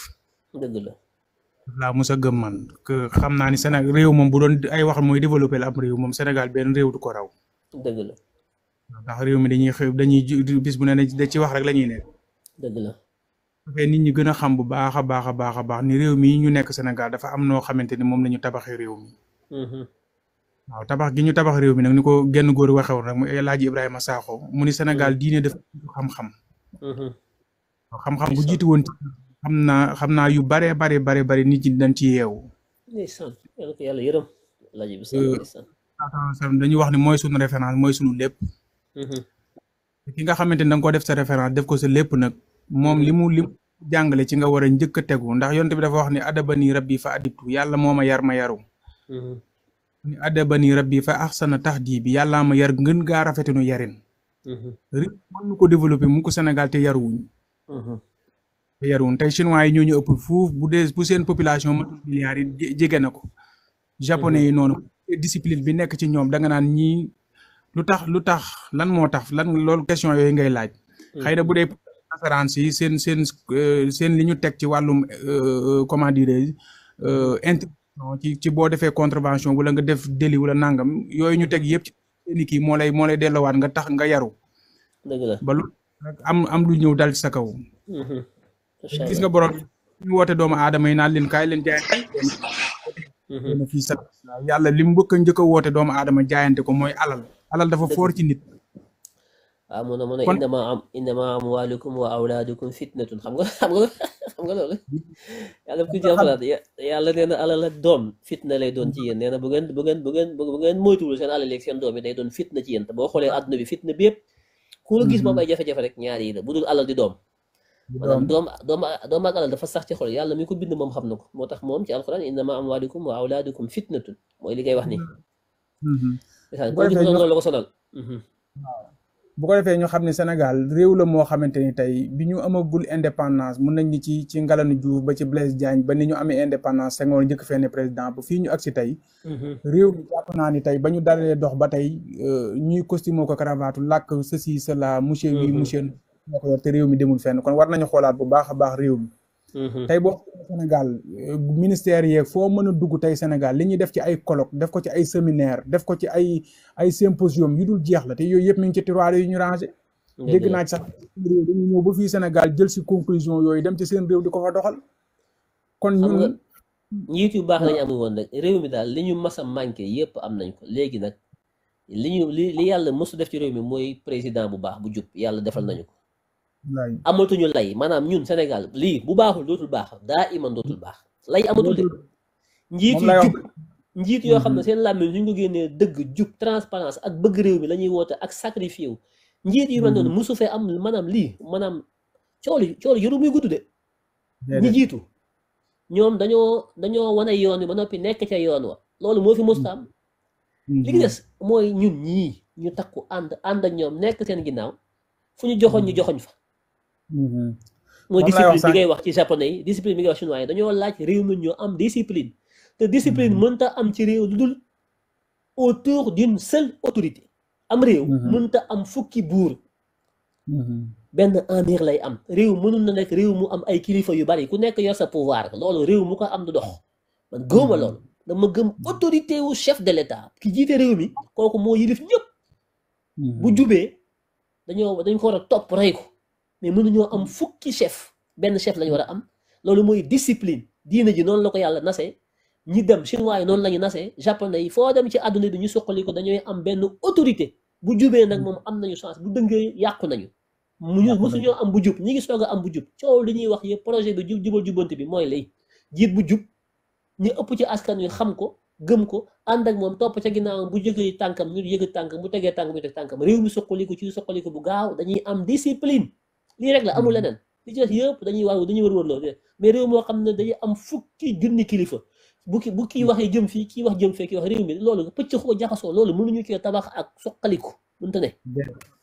dëgg la. laa mus a gëm man que xam naa ni Sénégal réew moom bu doon ay wax mooy développé la am réew moom Sénégal benn réew du ko raw. dëgg la. ndax réew mi dañuy xëy dañuy bis bu ne da ci wax rek la ñuy nekk. la. fekkee nit ñi gën a xam bu baax a baax a baax a baax ni réew mii ñu nekk Sénégal dafa am noo xamante ni moom la ñu tabax réew mi. Mm-hmm. waaw tabax gi ñu tabax réew mi nag ni ko genn góor waxee woon rek mu El Hadj Ibrahima Sakho mu ni Sénégal mm-hmm. diine dafa mm-hmm. xam-xam. bu jiitu woon ci xam naa xam naa yu bare bare bare bare nit ñi dañ ci yeewu. yàlla yërëm euh, ne mooy sunu référence mooy sunu lépp. ki nga xamante ni da nga ko def sa référence def ko sa lépp nag. moom li mu li mu jàngale ci nga war a njëkk a tegu ndax yonte bi dafa wax ni adabani rabbi fa adibtu yàlla moo ma yar ma yaru mm-hmm. ni adabani rabbi fa axsana tahdibi yàllaa ma yar ngën gaa rafetinu yarin mm-hmm. réew mën nu ko développé mu ko Sénégal te yaruwuñ mm-hmm. te chinois yi ñoo ñu ëpp fuuf bu dee bu seen population matul milliards jege na ko japonais yi noonu discipline bi nekk ci ñoom danga naan ñii lu tax lu tax lan moo tax lan loolu question yooyu ngay laaj xëy na assurance yi seen seen euh, seen li ñu teg ci wàllum euh, euh, comment dirais intervention ci ci boo defee contravention wala nga def délit wala nangam yooyu ñu teg yëpp ci kii moo lay delloowaat nga tax nga yaru. dëgg am lu ñëw dal ci sa kaw. Mm-hmm. gis nga borom ñu woote doomu aadama yi naan leen kaay leen jaay. Mm-hmm. fii sax yàlla li mu bëgg njëkk woote doomu aadama jaayante ko mooy alal alal dafa foor ci nit. amuna muna innama innama amwalukum wa awladukum fitnatun xam nga xam nga xam nga loolu yàlla ku jàppalaat yàlla nee na alal ak doom fitna lay doon ci yéen nee na bu ngeen bu ngeen bu ngeen bu ngeen moytuwul seen alal ak seen doom yi day doon fitna ci yéen te boo xoolee àdduna bi fitna bi yëpp koo gis moom ay jafe-jafe rek ñaari yi la bu dul alal di doom maanaam doom doom doom ak alal dafa sax ci xol yàlla mi ko bind moom xam na ko moo tax moom ci alquran innama amwalukum wa awladukum fitnatun mooy li ngay wax ni ko gis loolu la ko sonal bu ko defee ñu xam ne Sénégal réew la moo xamante ni tey bi ñu amagul indépendance mun nañ ni ci ci Ngalani Diouf ba ci Blaise Diagne ba ni ñu amee indépendance Senghor njëkk fee ne président ba fii ñu agsi tey mhm. réew mi jàpp naa ni tey ba ñu dalalee dox ba tey euh, ñuy costume ko cravate làkk ceci cela monsieur wi mhm. monsieur moo te réew mi demul fenn kon war nañu xoolaat bu baax a baax réew mi Mm-hmm. tey boo Sénégal ministère yeeg foo mën a dugg tey Sénégal li ñu def ci ay colloque def ko ci ay séminaire def ko ci ay ay symposium yu dul jeex la te yooyu yëpp mi ngi ci tiroir yu ñu rangé mm-hmm. dégg naa ci sax ba fii Sénégal jël si conclusion yooyu dem ci seen réew di ko fa doxal kon ñun njiit yu baax lañu amul ah. woon nag réew mi daal li ñu mas a manqué yëpp am nañ ko léegi nag li ñu li li yàlla mosu def ci réew mi mooy président bu baax bu jub yàlla defal nañu ko amatuñu lay maanaam ñun Sénégal lii bu baaxul dootul baax daa iman lu baax lay amatul de njiit yu jub njiit yoo xam ne mhm. seen làmmiñ ñu ko génnee dëgg jub transparence ak bëgg réew mi la ñuy woote ak sacrifice wu njiit yu mel noonu mosu mhm. fee am maanaam lii maanaam cool cool yëru gudd de ñi jiitu ñoom dañoo dañoo wane yoon wi ba noppi nekk ca yoon wa loolu moo fi mosta am mhm. li des mooy ñun ñii ñu takku ànd ànd ak ñoom nekk seen ginnaaw fu ñu ñu joxoñ fa Mm-hmm. mooy discipline bi ngay wax ci japonais yi discipline bi ngay wax chinois yi dañoo laaj réew mi ñoo am discipline te discipline mm-hmm. mënta am ci réew lu dul autour d'une seule autorité am réew mm-hmm. mënta am fukki buur benn emir lay am réew mënul na nekk réew mu am ay kilifa yu bari ku nekk yor sa pouvoir loolu réew mu ko am du dox man gëwma loolu dama gëm autorité wu chef de l'état ki jiite réew mi kooku moo yilif ñëpp bu jubee dañoo dañ ko war topp rey ko mais mun mënuñoo am hmm. fukki chef benn chef lañu war a am loolu mooy discipline diine ji noonu la ko yàlla nase ñi dem chinois yi noonu la ñu nasee japonais yi foo dem ci àdduna bi ñu suqali ko dañooy am benn autorité bu jubee nag hmm. moom am nañu chance bu dëngee yàqu nañu. Hmm. muñu mosuñoo am bu jub ñi ngi soog am bu jub coow li ñuy wax yëpp projet bi jub jubal jubante bi mooy lay jiit bu jub ñu ëpp ci askan wi xam ko gëm ko ànd ak moom topp ca ginnaawam bu jëkkee tànkam ñu yëg tànkam bu tegee tànkam ñu teg tànkam réew mi suqali ko ci suqali ko bu gaaw dañuy am discipline. lii rek la amul hmm. leneen li ci yëpp dañuy wax dañuy wër wër loolu mais réew moo xam ne dañuy am fukki junni kilifa bu ki bu kii waxee jëm fii kii wax jëm fee kii wax réew mi loolu pëcc xoo jaxasoo loolu mënuñu cee tabax ak soqaliku mënta ne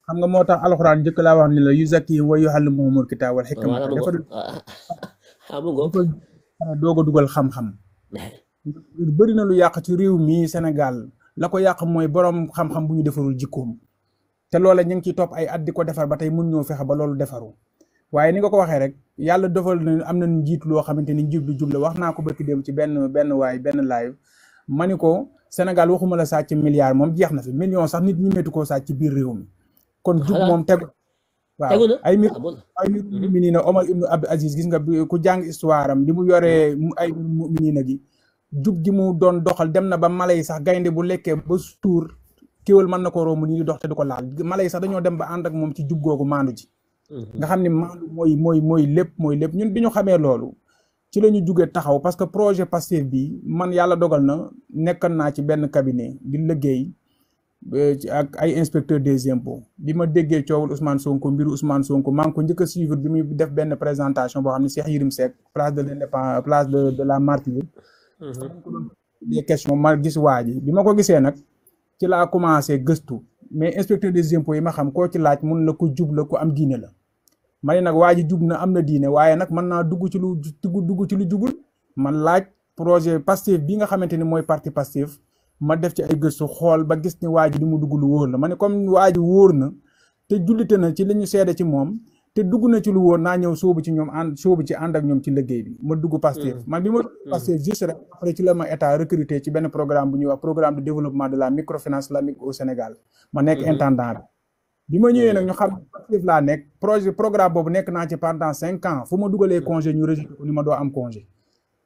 xam nga moo tax alxuraan njëkk laa wax ni la yu zakki wa yuallimuhumul kitaab wal hikma dafa ah, doog a dugal xam-xam bëri na lu yàq ci réew mi Sénégal la ko yàq mooy borom xam-xam bu ñu defarul jikkoom te loola ñu ngi ciy topp ay at di ko defar ba tey mun ñoo fexe ba loolu defaru waaye ni nga ko waxee rek yàlla dofal na am na njiit loo xamante ni jublu jublu wax naa ko ba dem ci benn benn waay benn live ma ni ko Sénégal waxuma la sàcc milliard moom jeex na fi million sax nit ñu métti koo sàcc ci biir réew mi kon jub moom tegu waaw ay mi ah, ay mhm. nii na Omar ibnu Abdou Aziz gis am li mu yoree ay mi nii na gi jub gi mu doon doxal dem na ba mala yi sax gaynde bu lekkee ba suur kéwél mën na ko romb nii di dox te du ko laal mala yi sax dañoo dem ba ànd ak moom ci jub googu maandu ji mhm. nga xam ne maandu mooy mooy mooy lépp mooy lépp ñun bi ñu xamee loolu ci la ñu jugee taxaw parce que projet Pastef bi man yàlla dogal na nekkan naa ci benn cabinet di liggéey euh, ak ay inspecteur des impôts bi ma déggee coowul Ousmane Sonko mbiru Ousmane Sonko maa ngi ko njëkk a suivre bi muy def benn présentation boo xam ne Cheikh Yirim Seck place de l'indépendance de la martyre mhm. des questions ma gis waa ji bi ma ko gisee nag ci laa commencé gëstu mais inspecteur des impôts yi ma xam koo ci laaj mun la ko jub la ko am diine la ma ne nag waa ji jub na am na diine waaye nag mën naa dugg ci lu dugg ci lu jugul man laaj projet Pastef bi nga xamante ni mooy parti Pastef ma def ci ay gëstu xool ba gis ni waa ji li mu dugg lu wóor la ma ne comme waa wóor na te jullite na ci li ñu seede ci moom te dugg na ci lu woon naa ñëw soobu ci ñoom ànd soobu ci ànd ak ñoom ci liggéey bi ma dugg Pastef mm. man bi ma dugg mm. Pastef juste rek ci la ma état recruté ci benn programme bu ñuy wax programme de développement de la microfinance islamique au Sénégal ma nekk mm-hmm. intendant bi ma ñëwee nag ñu mm. xam Pastef laa nekk projet programme boobu nekk naa ci pendant cinq ans fu ma dugalee congé ñu rejeté ko ma doo am congé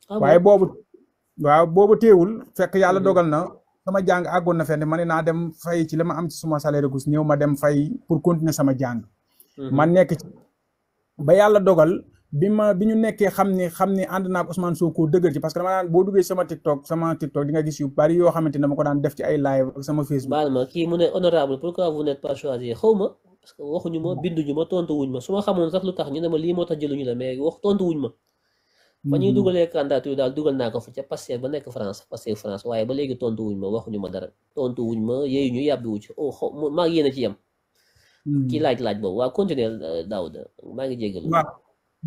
ah waaye boobu waaw boobu teewul fekk yàlla dogal na sama jàng àggoon na fenn ma ne naa dem fay ci la ma am ci suma salaire gus ñëw ma dem fay pour continuer sama jàng Mhm. ma nekk ci ba yàlla dogal bi ma bi ñu nekkee xam ni xam ni ànd naa ak Ousmane Sonko dëgër ci parce que dama daan boo duggee sama TikTok sama TikTok di gis yu bari yoo xamante ne dama ko daan def ci ay live ak sama Facebook. ne honorable pourquoi vous n'êtes pas choisi xaw ma parce que waxuñu mm. lu tax ne ma lii moo tax jëluñu la mais wax tontu wuñ ma. fa mm. naa ko fa ca Pastef ba nekk France Pastef France waaye ba léegi tontu wuñ ma waxuñu ma dara tontu wuñ ma yeeyuñu yàbbiwu ci oh xaw maa ngi ci yem. Hmm. ki laaj laaj boobu waa continuer euh, Daouda maa ngi jégalu. waaw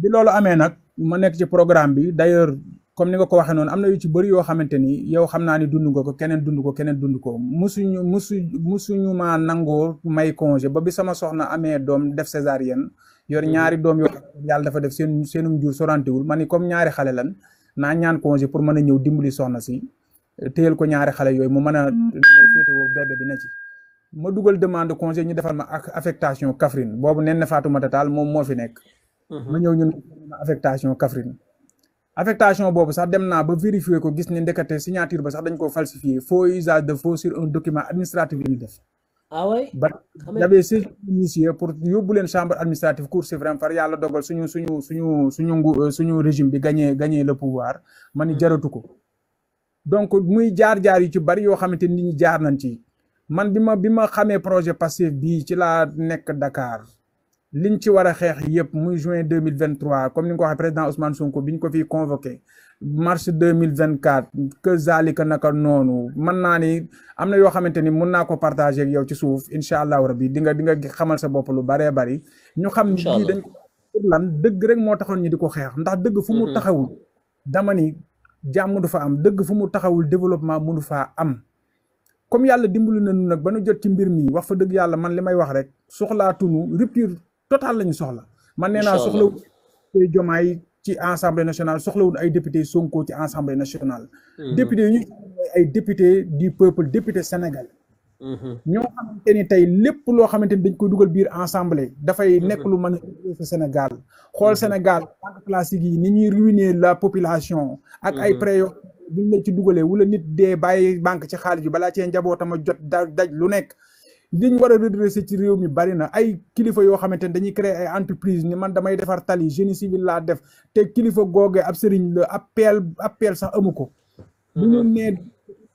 bi loolu amee nag ma nekk ci programme bi d'ailleurs comme ni nga ko waxee noonu am na yu ci bëri yoo xamante ni yow xam naa ni dund nga ko keneen dund ko keneen dund ko musuñu musu musuñu maa nangoo may congé ba bi sama soxna amee doom def césarienne yor hmm. ñaari doom yoo yàlla dafa def seen seenum jur sorantewul ma ni comme ñaari xale lan naa ñaan congé pour mën a ñëw dimbali soxna si téyel ko ñaari xale yooyu mu mën a hmm. féetewoo bébé bi na ci ma dugal demande conseil ñu defal ma ak affectation Kaffrine boobu nen na Fatoumata Tall moom moo fi nekk. Mhm. ma ñëw ñun affectation Kaffrine. affectation boobu sax dem naa ba vérifier ko gis ne ndekete signature ba sax dañ ko falsifié faux usage de faux sur un document administratif la ñu def. ah si ba j'avais saisi initié pour yóbbu leen chambre administrative cour suprême far yàlla dogal suñu suñu suñu suñu ngu euh, suñu régime bi gagné gagné le pouvoir ma ni mhm. jaratu ko. donc muy jaar jaar yu ci bari yoo xamante ni ñi jaar nañ ci. man bi ma bi ma xamee projet Pastef bii ci laa nekk Dakar liñ ci war a xeex yëpp muy juin deux mille vingt comme ni nga ko waxee président Ousmane Sonko bi ñu ko fi convoqué mars deux mille vingt quatre que zalika naka noonu mën naa ni am na yoo xamante ni mun naa ko partagé ak yow ci suuf incha allahu rabi di nga di nga xamal sa bopp lu baree bari. ñu xam ni dañ ko lan dëgg rek moo taxoon ñu di ko xeex ndax dëgg fu mu mm-hmm. taxawul. dama ni jàmm du fa am dëgg fu mu taxawul développement mënu faa am. comme yalla dimbali nañu nak ba jot ci mbir mi wax fa deug yalla man limay wax rek tunu rupture totale lañu soxla. man nee soxla soxlawu jomay ci assemblée nationale soxlawul ay députés Sonko ci assemblée nationale. Mhm. député yi ñu ay député du peuple député Sénégal. Mhm. ño xamanteni ni lepp lo xamanteni dañ koy dugal biir assemblée fay mhm. nekk lu man ci Sénégal xol Sénégal tank classique yi ni ñuy ruiner la population. ak ay pré buñ la ci dugalee wala nit dee bàyyi banque ci xaalis bi balaa cee njabootama jot da daj lu nekk liñ war a redresser ci réew mi bari na ay kilifa yoo xamante ne dañuy créer ay entreprise ni man damay defar tali génie civil laa def te kilifa googee ab sëriñ la appel appel sax amu ko bu mm-hmm. nee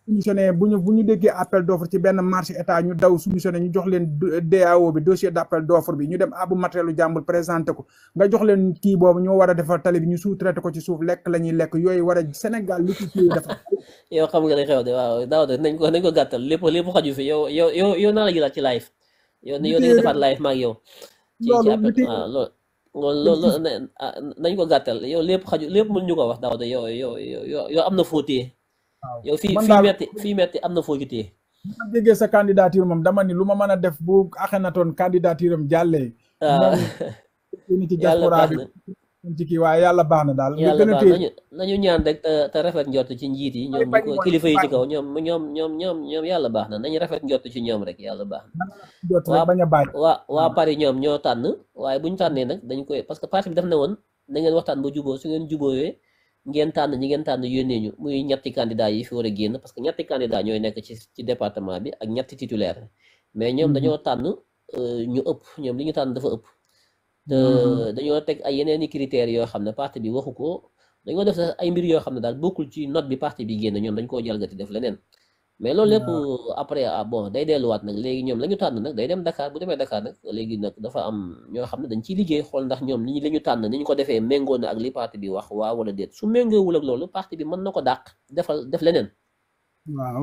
soumissionné bu ñu bu ñu déggee appel d'offre ci benn marché état ñu daw soumissionné ñu jox leen DAO bi dossier d'appel d'offre bi ñu dem abu matérielu jàmbur présenté ko nga jox leen kii boobu ñoo war a defar tali bi ñu sous-traité ko ci suuf lekk la ñuy lekk yooyu war a Sénégal li ci kii defar yow xam nga ne xew de nañ ko nañ ko gàttal lépp lépp xaju fi yow yow yow yow naa la jëlaat ci live yow yow dañu defaat live maag yow ci ci appel waaw loolu ah, nañ ko gàttal yow lépp xaju lépp mën ñu ko wax daaw de yow yow yow yow am na fóotee yow fii fii metti fii metti am na foo ci téye ma sa candidature moom dama ni lu ma mën a def bu Akhenaton candidature am jàllee ah. moom ci diaspora bi ci kii yàlla baax na daal yàlla baax nañu nañu ñaan rek euh, te rafet njott ci njiit yi ñoom kilifa yi ci kaw ñoom ñoom ñoom ñoom ñoom yàlla baax na nañu rafet njott ci ñoom rek yàlla baax na waa waa Paris ñoom ñoo tànn waaye bu ñu tànnee nag dañ koy parce que parti bi daf ne woon na ngeen waxtaan ba juboo su ngeen jubooyee ngeen tànn ñi ngeen tànn yónnee ñu muy ñetti candidat yi fi war a génn parce que ñetti candidat ñooy nekk ci ci département bi ak ñetti titulaire mais ñoom dañoo tànn ñu ëpp ñoom li ñu tànn dafa ëpp te dañoo teg ay yeneen i critères yoo xam ne parti bi waxu ko dañoo def sax ay mbir yoo xam ne daal bokkul ci note bi parti bi génn ñoom dañ koo jalgati def leneen mais loolu lépp après bon day delluwaat nag léegi ñoom lañu tànn nag day dem dakaar bu demee Dakar nag léegi nag dafa am ñoo xam ne dañ ciy liggéey xool ndax ñoom li la ñu tànn ni ñu ko defee méngoo na ak li parti bi wax waaw wala déet su méngoowul ak loolu parti bi mën na ko dàq defal def leneen. waaw.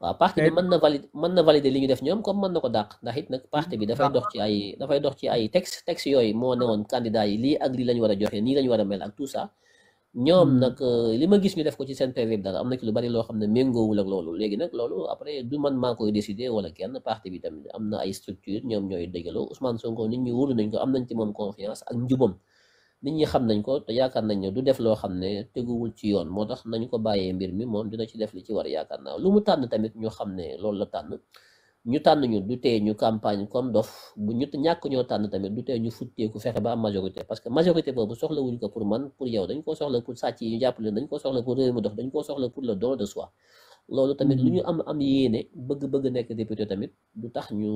waaw parti bi mën na valide mën na valider li ñu def ñoom comme mën na ko dàq ndax it nag parti bi dafay dox ci ay dafay dox ci ay texte texte yooyu moo newoon candidat yi li ak lii la ñu war a joxe nii la ñu war a mel ak ñoom hmm. nag euh, li ma gis ñu def ko ci seen PV bi daal am na ci lu bari loo xam ne méngoowul ak loolu léegi nag loolu après du man maa koy décider wala kenn parti bi tamit am na ay structure ñoom ñooy dëggaloo Ousmane Sonko nit ñi wóolu nañ ko am nañ ci moom confiance ak njubam nit ñi xam nañ ko te yaakaar nañ ne du def loo xam ne teguwul ci yoon moo tax nañu ko bàyyee mbir mi moom dina ci def li ci war yaakaar naa lu mu tànn tamit ñu xam ne loolu la tànn ñu tànn ñu du tee ñu campagne comme dof bu ñu ñàkk ñoo tànn tamit du tee ñu futteeku fexe ba am majorité parce que majorité boobu soxla wuñ ko pour man pour yow dañ koo soxla pour sàcc yi ñu jàppale dañ koo soxla pour réew mi dox dañ koo soxla pour le don de soi loolu tamit lu ñu mm-hmm. am am yéene bëgg-bëgg nekk député tamit du tax ñu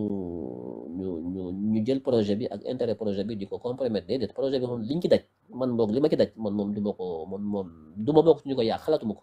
ñu ñu ñu jël projet bi ak intérêt projet bi di ko compromettre déedéet projet bi moom liñ ci daj man boog li ma ci daj moom du ma ko man moom du ma bokk ñu ko yàq xalaatuma ko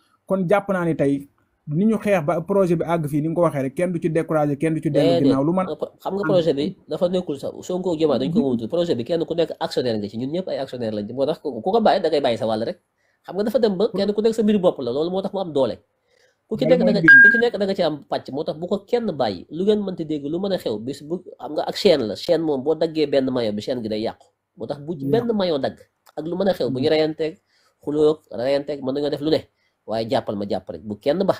kon japp na ni tay ni ñu xex ba projet bi ag fi ni nga ko waxee rek kenn du ci décourager kenn du ci dellu ginaaw lu man xam nga projet bi dafa nekkul sa so ko jema mhm. dañ ko wutul projet bi kenn ku nekk actionnaire nga ci ñun ñepp ay actionnaire lañ motax moo ku ko baye da ngay baye sa wal rek xam nga dafa dem ba kenn ku nekk sa mbir bop la loolu motax mu am doole ku ci nekk da nga ku ci nekk da nga ci am patch motax bu ko kenn baye lu ngeen ti dégg lu mëna xew bis bu xam nga ak chaîne la chaîne mom bo daggé benn mayo bi chaîne gi day yaq motax bu benn mayo dag ak lu mëna xew bu ñu mhm. reyanteeg xulóog reyanteeg mën nga def lu ne waaye jàppal ma jàpp rek bu kenn ba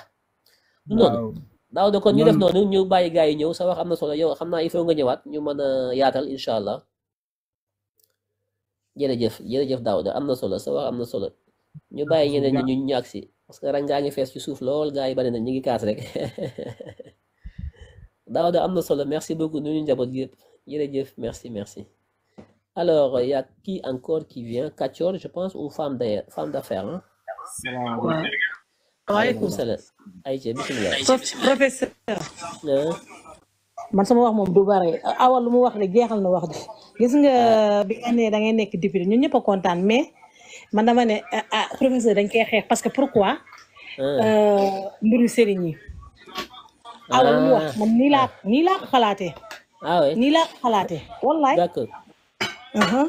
du noonu daaw de kon ñu def noonu ñu bàyyi gars yi ñëw sa wax am na solo yow xam naa il faut nga ñëwaat ñu mën a yaatal incha allah jërëjëf jërëjëf daaw de am na solo sa am na solo ñu bàyyi ñeneen ñu ñu agsi parce que ren gaa ngi fees ci suuf lool gars yi bari na ñu ngi kaas rek daaw am na solo merci beaucoup nu ñu njaboot yëpp jërëjëf merci merci alors y a qui encore qui vient Kachor je pense u femme de femme waaleykum salaam ayca bisimilah professeur man sama wax moom du bare awal lu mu wax rek jeexal na wax ji gis nga ah. bi nga ne da ah, ngay nekk ah professeur dañ koy xeex parce que pourquoi ah. euh, mbiru sëriñ yi awal mu wax man nii laa nii laa ko xalaatee nii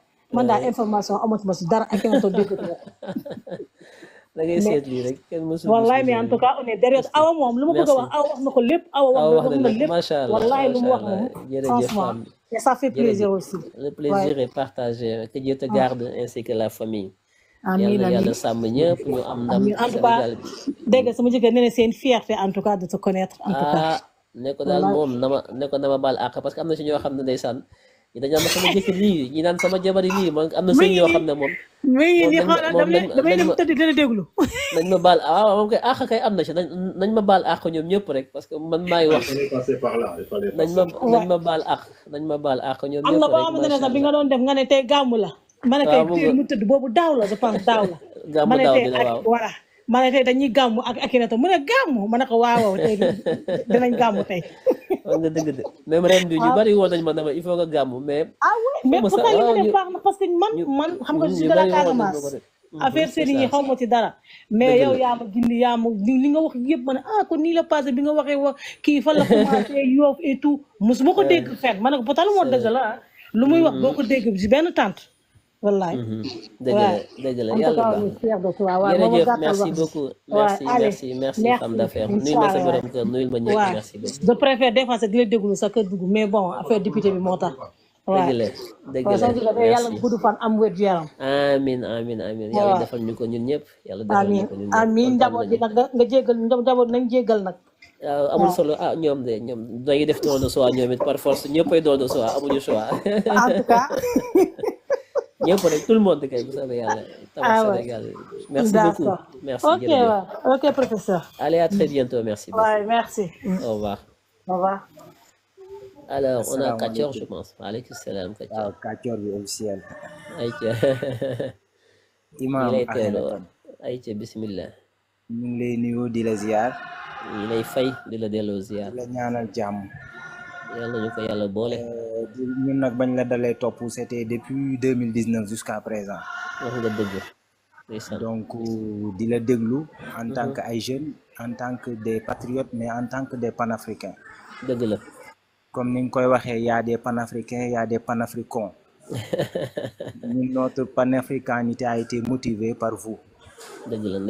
man daal eh. information amatuma si dara ak kenn doon déggatuma ko. da rek kenn mësul wallaay en tout cas on est derrière awa moom lu ma bëgg a wax awa wax na ko lépp awa wax na ko lu mu wax moom franchement et ça fait plaisir aussi le plaisir est partagé que Dieu te garde ah. ainsi la famille amiin yàlla yàlla sàmm ñëpp am ndam en na c'est une fierté en tout tout ah, cas ne ko daal moom na ma ne ko na ma baal àq parce que am na si ñoo ñi dañ naan ma sama jëkkër lii ñi naan sama jabar yi lii man am na sëñ yoo xam ne moom muy di xoolal damay dem tëdd dana déglu nañ ma baal ah moom kay àq kay am na ci nañ ma baal àq ñoom ñëpp rek parce que man maay wax nañ ma nañ ma baal àq nañ ma baal àq ñoom ñëpp rek am na boo xamante ne sax bi nga doon def nga ne tey gàmmu la ma ne tey mu tëdd boobu daaw la je pense daaw la gàmmu daaw bi la waaw ma ne tey dañuy gàmm ak Akhenaton mu ne gàmm ma ne ko waaw tey dinañ gàmm tey. wax nga dëgg de même ñu bari woon nañ ma dama il faut nga gàmm mais. ah oui mais pourtant parce que man man xam nga je suis de la mm-hmm. Casamance. affaire sëriñ yi xaw ma ci dara. mais yow yaa gindi yaa ma li nga wax yëpp ma ah kon nii la passé bi nga waxee wax kii fan la commencé yoof et tout mosuma ko dégg fenn ma ne ko ba tal moo dëgg la lu muy wax boo mm-hmm. ko dégg si benn tante. wallaay. dëgg la a la yàlla baax na jërëjëf merci beaucoup. merci merci merci femme d'affaires nuyul ma sa merci beaucoup. de préfère des fois sax di sa kër dugg mais bon affaire député bi moo tax. waaw dëgg la dëgg la merci yàlla gudd fan am wér gu yaram. amiin amiin amiin yàlla defal ñu ko ñun ñëpp. yàlla defal ñu ko ñun ñëpp amiin njaboot bi nag nga jéggal njaboot nañ jéggal nag. amul solo ah ñoom de ñoom dañuy def doon choix ñoom it par force ñëppay doon choix amuñu choix. en tout cas. Je pourrais tout le monde merci beaucoup merci ok professeur allez à très bientôt merci beaucoup merci au revoir au revoir alors on a heures, je pense ah, officiel imam Aïe, bismillah la ziar la la nous ñu ko yalla boole. Euh, ñun c'était depuis 2019 jusqu'à présent. donc euh, déglu. en mhm. tant que en tant que des patriotes mais en tant que des panafricains. comme ni koy y a des panafricains y a des panafricains. notre panafricanité a été motivée par vous. Euh,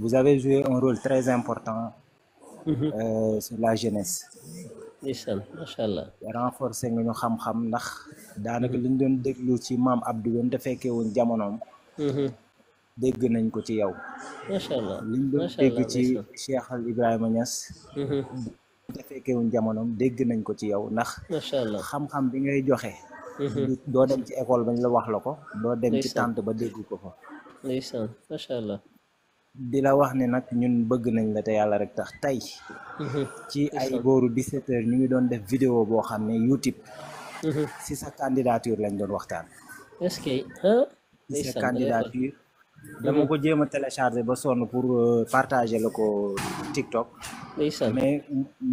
vous avez joué un rôle très important. Mm-hmm. Euh, sur la jeunesse incha allah renforcer nga ñu xam-xam ndax daanaka liñ doon déglu ci maam Abdou mm-hmm. doon te mm-hmm. woon jamonoom dégg nañ ko ci yow macha allah liñ doon dégg ci Cheikh Al Ibrahima Niass te fekkee jamonoom dégg nañ ko ci yow ndax xam-xam bi ngay joxe doo dem ci école bañ la wax la ko doo dem ci tànt ba dégg ko fa di la wax ne nag ñun bëgg nañ la te yàlla rek tax tey mhm. ci ay booru 17 heures ñu ngi doon def vidéo boo xam ne YouTube mhm. si sa candidature lañ doon waxtaan est-ce que si sa dama mhm. ko jéem a télécharger ba sonn pour euh, partager la ko TikTok mais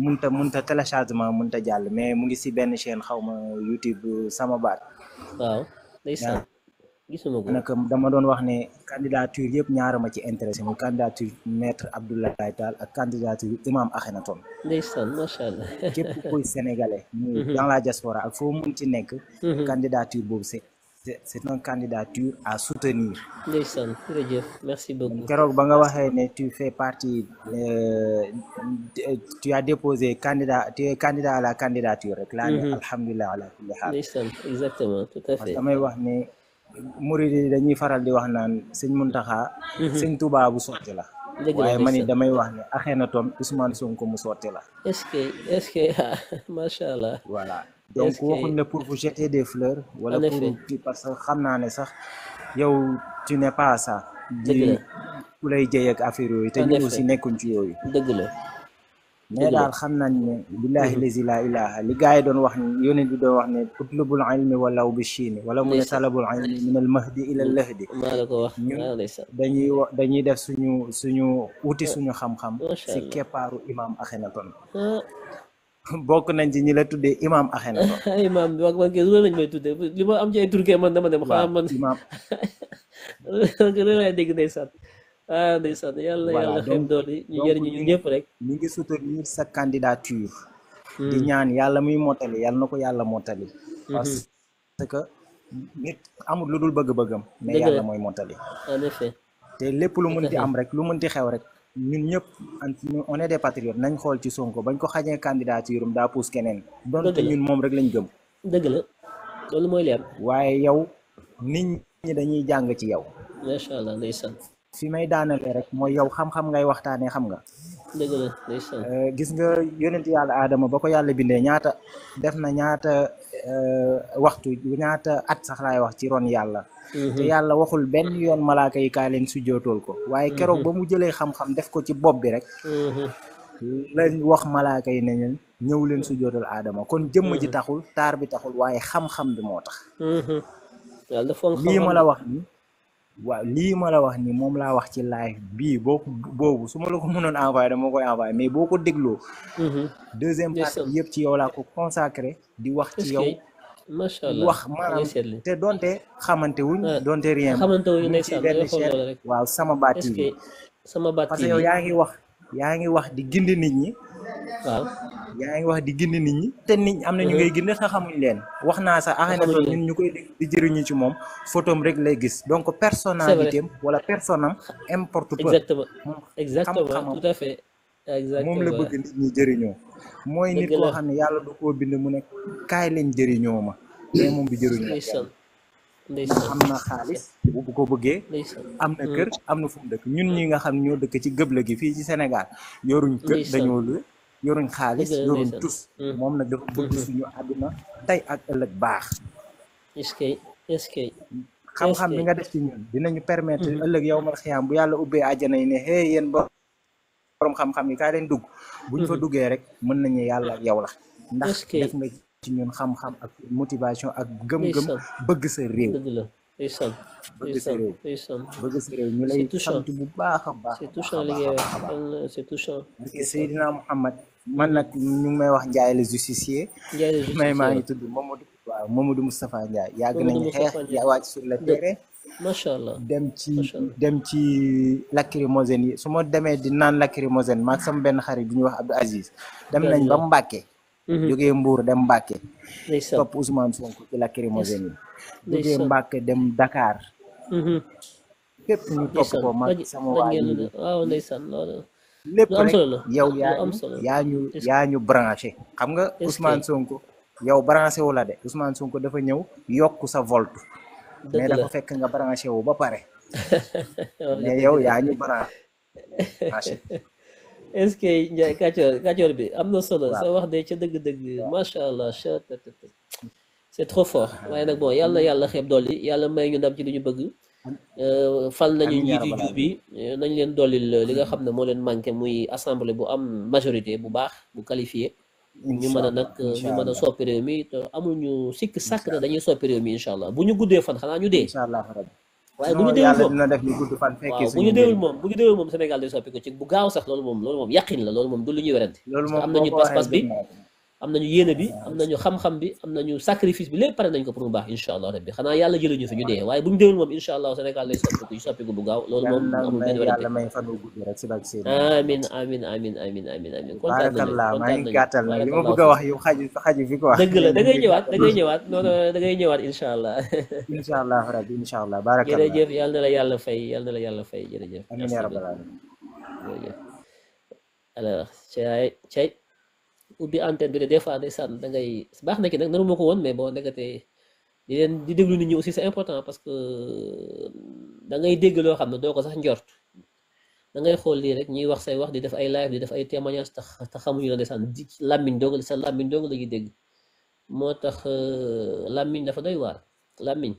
munta munta téléchargement munta jàll mais mu ngi si benn chaîne xawma ma YouTube euh, sama baat gisuma ko nag dama doon wax ne candidature yëpp ñaara ma ci intéressé mu candidature maître Abdoulaye ak candidature imam Akhenaton. ndeysaan macha allah. képp kuy sénégalais. muy mhm. dans la diaspora ak foo mun ci nekk. Mhm. candidature bob c'est c'est une candidature à soutenir. ndeysaan jërëjëf merci beaucoup. keroog ba nga waxee tu fais partie euh, tu as déposé candidat tu es candidat à la candidature clair mhm. Alhamdulillah ala kulli exactement tout à fait. damay wax murid dañuy faral di wax naan sëñ Muntaxa mhm. sëñ Tuubaa bu sotti la waaye man it damay wax ne axee na toon Ousmane Sonko mu sotti la est-ce que est-ce macha allah voilà donc waxuñ la pour vous jeter des fleur wala pour parce que xam naa ne sax yow tu n'es pas ça di ku lay jëy ak yooyu te ñu aussi nekkuñ ci yooyu dëgg la mais daal xam nañ ne billahi lazi laa ilaha li gars yi doon wax ne yonent bi doon wax ne utlubul ilmi walaw bi chiini wala a ne talabul ilmi min al mahdi ila al lahdi dañuy wax dañuy def suñu suñu wuti suñu xam-xam si keppaaru imam Akhenaton ah. bokk nañ ci ñi la tuddee imam a imam bi wax man kay loolu lañ may ma am ci ay turke man dama dem xaa man ah ndeysaan yàlla yàlla xeeb doole ñu jëriñu ñu ñëpp rek ñu ngi soutenir sa candidature di hmm. ñaan yàlla muy mottali yàlla na ko yàlla mottali hmm. parce que nit amul lu dul bëgg-bëggam mais yàlla mooy mottali en effet te lépp lu mën di am rek lu mën di xew rek ñun ñëpp on est des patriotes nañ xool ci Sonko bañ ko xañee candidature am daa pousse keneen donte ñun moom rek lañ gëm dëgg la loolu mooy leer waaye yow nit ñi dañuy jàng ci yow macha allah ndeysaan fi may daanalee rek mooy yow xam-xam ngay waxtaanee xam nga. dëgg euh, gis nga yonent yàlla aadama ba ko yàlla bindee ñaata def na ñaata euh, waxtu ñaata at sax laay wax ci ron yàlla. Mhm. te yàlla waxul benn yoon malaaka yi kaa leen sujjootool ko. waaye mhm. keroog ba mu jëlee xam-xam def ko ci bopp bi rek. Mhm. lañ wax malaaka yi ne leen ñëw leen sujjootal aadama kon jëm ji taxul taar bi taxul waaye xam-xam bi moo tax. lii ma la wax ni waaw lii ma la wax ni moom laa wax ci live bii boo boobu su ma la ko mënoon envoyé dama koy envoyé mais boo ko dégloo. Mm-hmm. deuxième partie yëpp ci yow laa ko consacré. di wax ci yow. macha allah wax maanaam te donte xamante wuñ. Ah, donte rien xamante rek waaw sama baat yi. sama baat yi parce que yaa ngi wax yaa ngi wax di gindi nit ñi. yaa ngi wax di gindi nit ñi te nit am na ñu ngay gindi sax xamuñ leen wax naa sa Akhenaton ñun ñu koy di jëriñu ci moom photom rek lay gis donc personnalité wala personam am importe peu moom la bëgg nit ñi jëriñoo mooy nit koo xam ne yàlla du koo bind mu ne kaay leen jëriñoo ma mais moom bi jëriñoo am na xaalis bu ko bëggee am na kër am na fu dëkk ñun ñi nga xam ne ñoo dëkk ci gëbla gi fii ci Sénégal yoruñ kër dañoo lu yoruñ xaalis yoruñ tus mm. moom nag dafa bëgg mm-hmm. ñu àdduna tey ak ëllëg baax est-ce que est-ce que xam-xam bi nga def ci ñun dinañu permettre mm-hmm. ëllëg yow mal xiyaam bu yàlla ubbee àjjana yi ne hey yéen borom xam-xam yi kaa leen dugg buñ fa mm-hmm. duggee rek mën nañu yàlla ak yow la ndax def nga ci ñun xam-xam ak motivation ak gëm-gëm bëgg sa réew ndeysaan ndeysaan ndeysaan bëgg sa réew baax a baax c'est touchant li ngay wax c'est Seydina Mouhamad man nag ñu ngi may wax Ndiaye le justicier may maa ngi tudd Mamadou waaw Mamadou Moustapha Ndiaye yàgg nañu xeex yaa wàcc sur le terrain allah dem ci dem ci lacrymogène yi su ma demee di naan lacrymogène maag sama benn xarit bi ñuy wax Abdou Aziz dem nañ ba Mbàkke mhm. jógee Mbuur dem Mbàkke topp Ousmane Sonko ci lacrymogène yi jógee Mbàkke dem Dakar képp mm-hmm. ñu topp ko mag sama waa waaw lépp rek yow ñu branché xam nga Ousmane Sonko yow branché wu la de Ousmane Sonko dafa ñëw yokk sa volt mais dafa fekk nga branché wu ba pare mais yow yaa ñu branché est-ce que Ndiaye kàccoor bi am na solo sa wax de ca dëgg-dëgg macha allah c'est trop fort waaye nag bon yàlla yàlla xeeb dolli yàlla may ñu ndam ci li ñu bëgg euh, fal nañu njiit yu jub yi euh, nañ leen dollil euh, li nga xam ne moo leen manqué muy assemblée bu am majorité bu baax bu qualifié ñu mën a nag ñu mën a soppi réew mi te amuñu sikk sàkk mi incha allah bu ñu guddee fan xanaa ñu dee waaye bu ñu déewul moom bu ñu déewul moom bu ñu déewul moom Sénégal day soppi ko ci bu gaaw sax loolu moom loolu moom yàqin la loolu moom du lu ñuy werante am nañu pas-pas bi am nañu yéene bi am nañu xam-xam bi am nañu sacrifice bi lépp pare nañ ko pour mu baax incha allah rabbi xanaa yàlla jëluñu fi ñu dee waaye bu ñu déwul moom incha allah Sénégal lay soppiku yu soppiku bu gaaw loolu a wax yow xaju xaju fi la da ngay ñëwaat da ngay ñëwaat noonu da ngay allah rabbi incha allah barakallah jërëjëf yàlla na la yàlla fay yàlla la yàlla fay jërëjëf amin ya rabbal alamin jërëjëf alors ubi antenne bi de defa fois ndeysaan da ngay baxna ki nak naruma ko won mais bon ndeketee di len di deglu nit ñi aussi c'est important parce que da ngay deg lo xamne ne ko sax ndort da ngay xol li rek ñi wax say wax di def ay live di def ay témoignages tax te xamuñu la ndeysaan di lamine dogal sa lamine dogal la deg motax euh, lamine dafa doy war lamine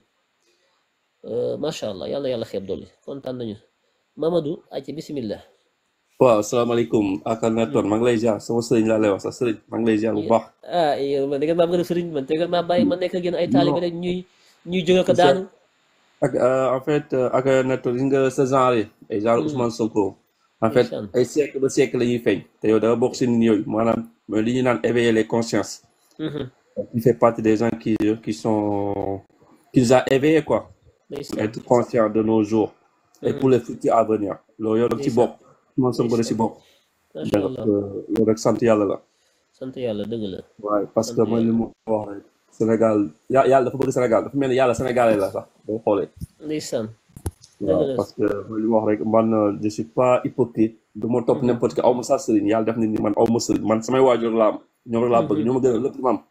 euh machallah yalla yalla xeb dolli kontaan nañu Mamadou aca bismillah waaw salaamaaleykum akana toon hmm. maa ngi lay jaar sama sëriñ laa lay wax sa sëriñ maa ngi lay jaar bu baax ah yow man da ngeen maa bëgg a sëriñ man da ngeen maa bàyyi ma nekk ak ay ah, taalibe rek ñuy ñuy jóge ko daanu ak en fait ah, akana toon yi nga sa genre eh, ay hmm. genre Ousmane eh, Sonko en fait ay siècle ba siècle la ñuy feeñ te yow dama bokk si nit yooyu maanaam li ñu naan éveiller les consciences tu hmm. fait partie des gens qui qui sont qui nous a éveillés quoi être conscient de nos jours et pour le futur à venir loolu yow da ci bopp man sa mbër si bopp. loolu yàlla la. sant yàlla dëgg parce que man li ma wax rek. Sénégal yàlla dafa bëgg Sénégal dafa yàlla sénégalais la sax boo xoolee. ndeysaan. waaw parce que li ma wax rek man euh, je suis pas hypocrite de ma topp mhm. n'importe aw ma saa sëriñ yàlla def na man aw ma sëriñ man samay waajur laa am ñoom rek laa mhm. bëgg ñoo ma gën a lépp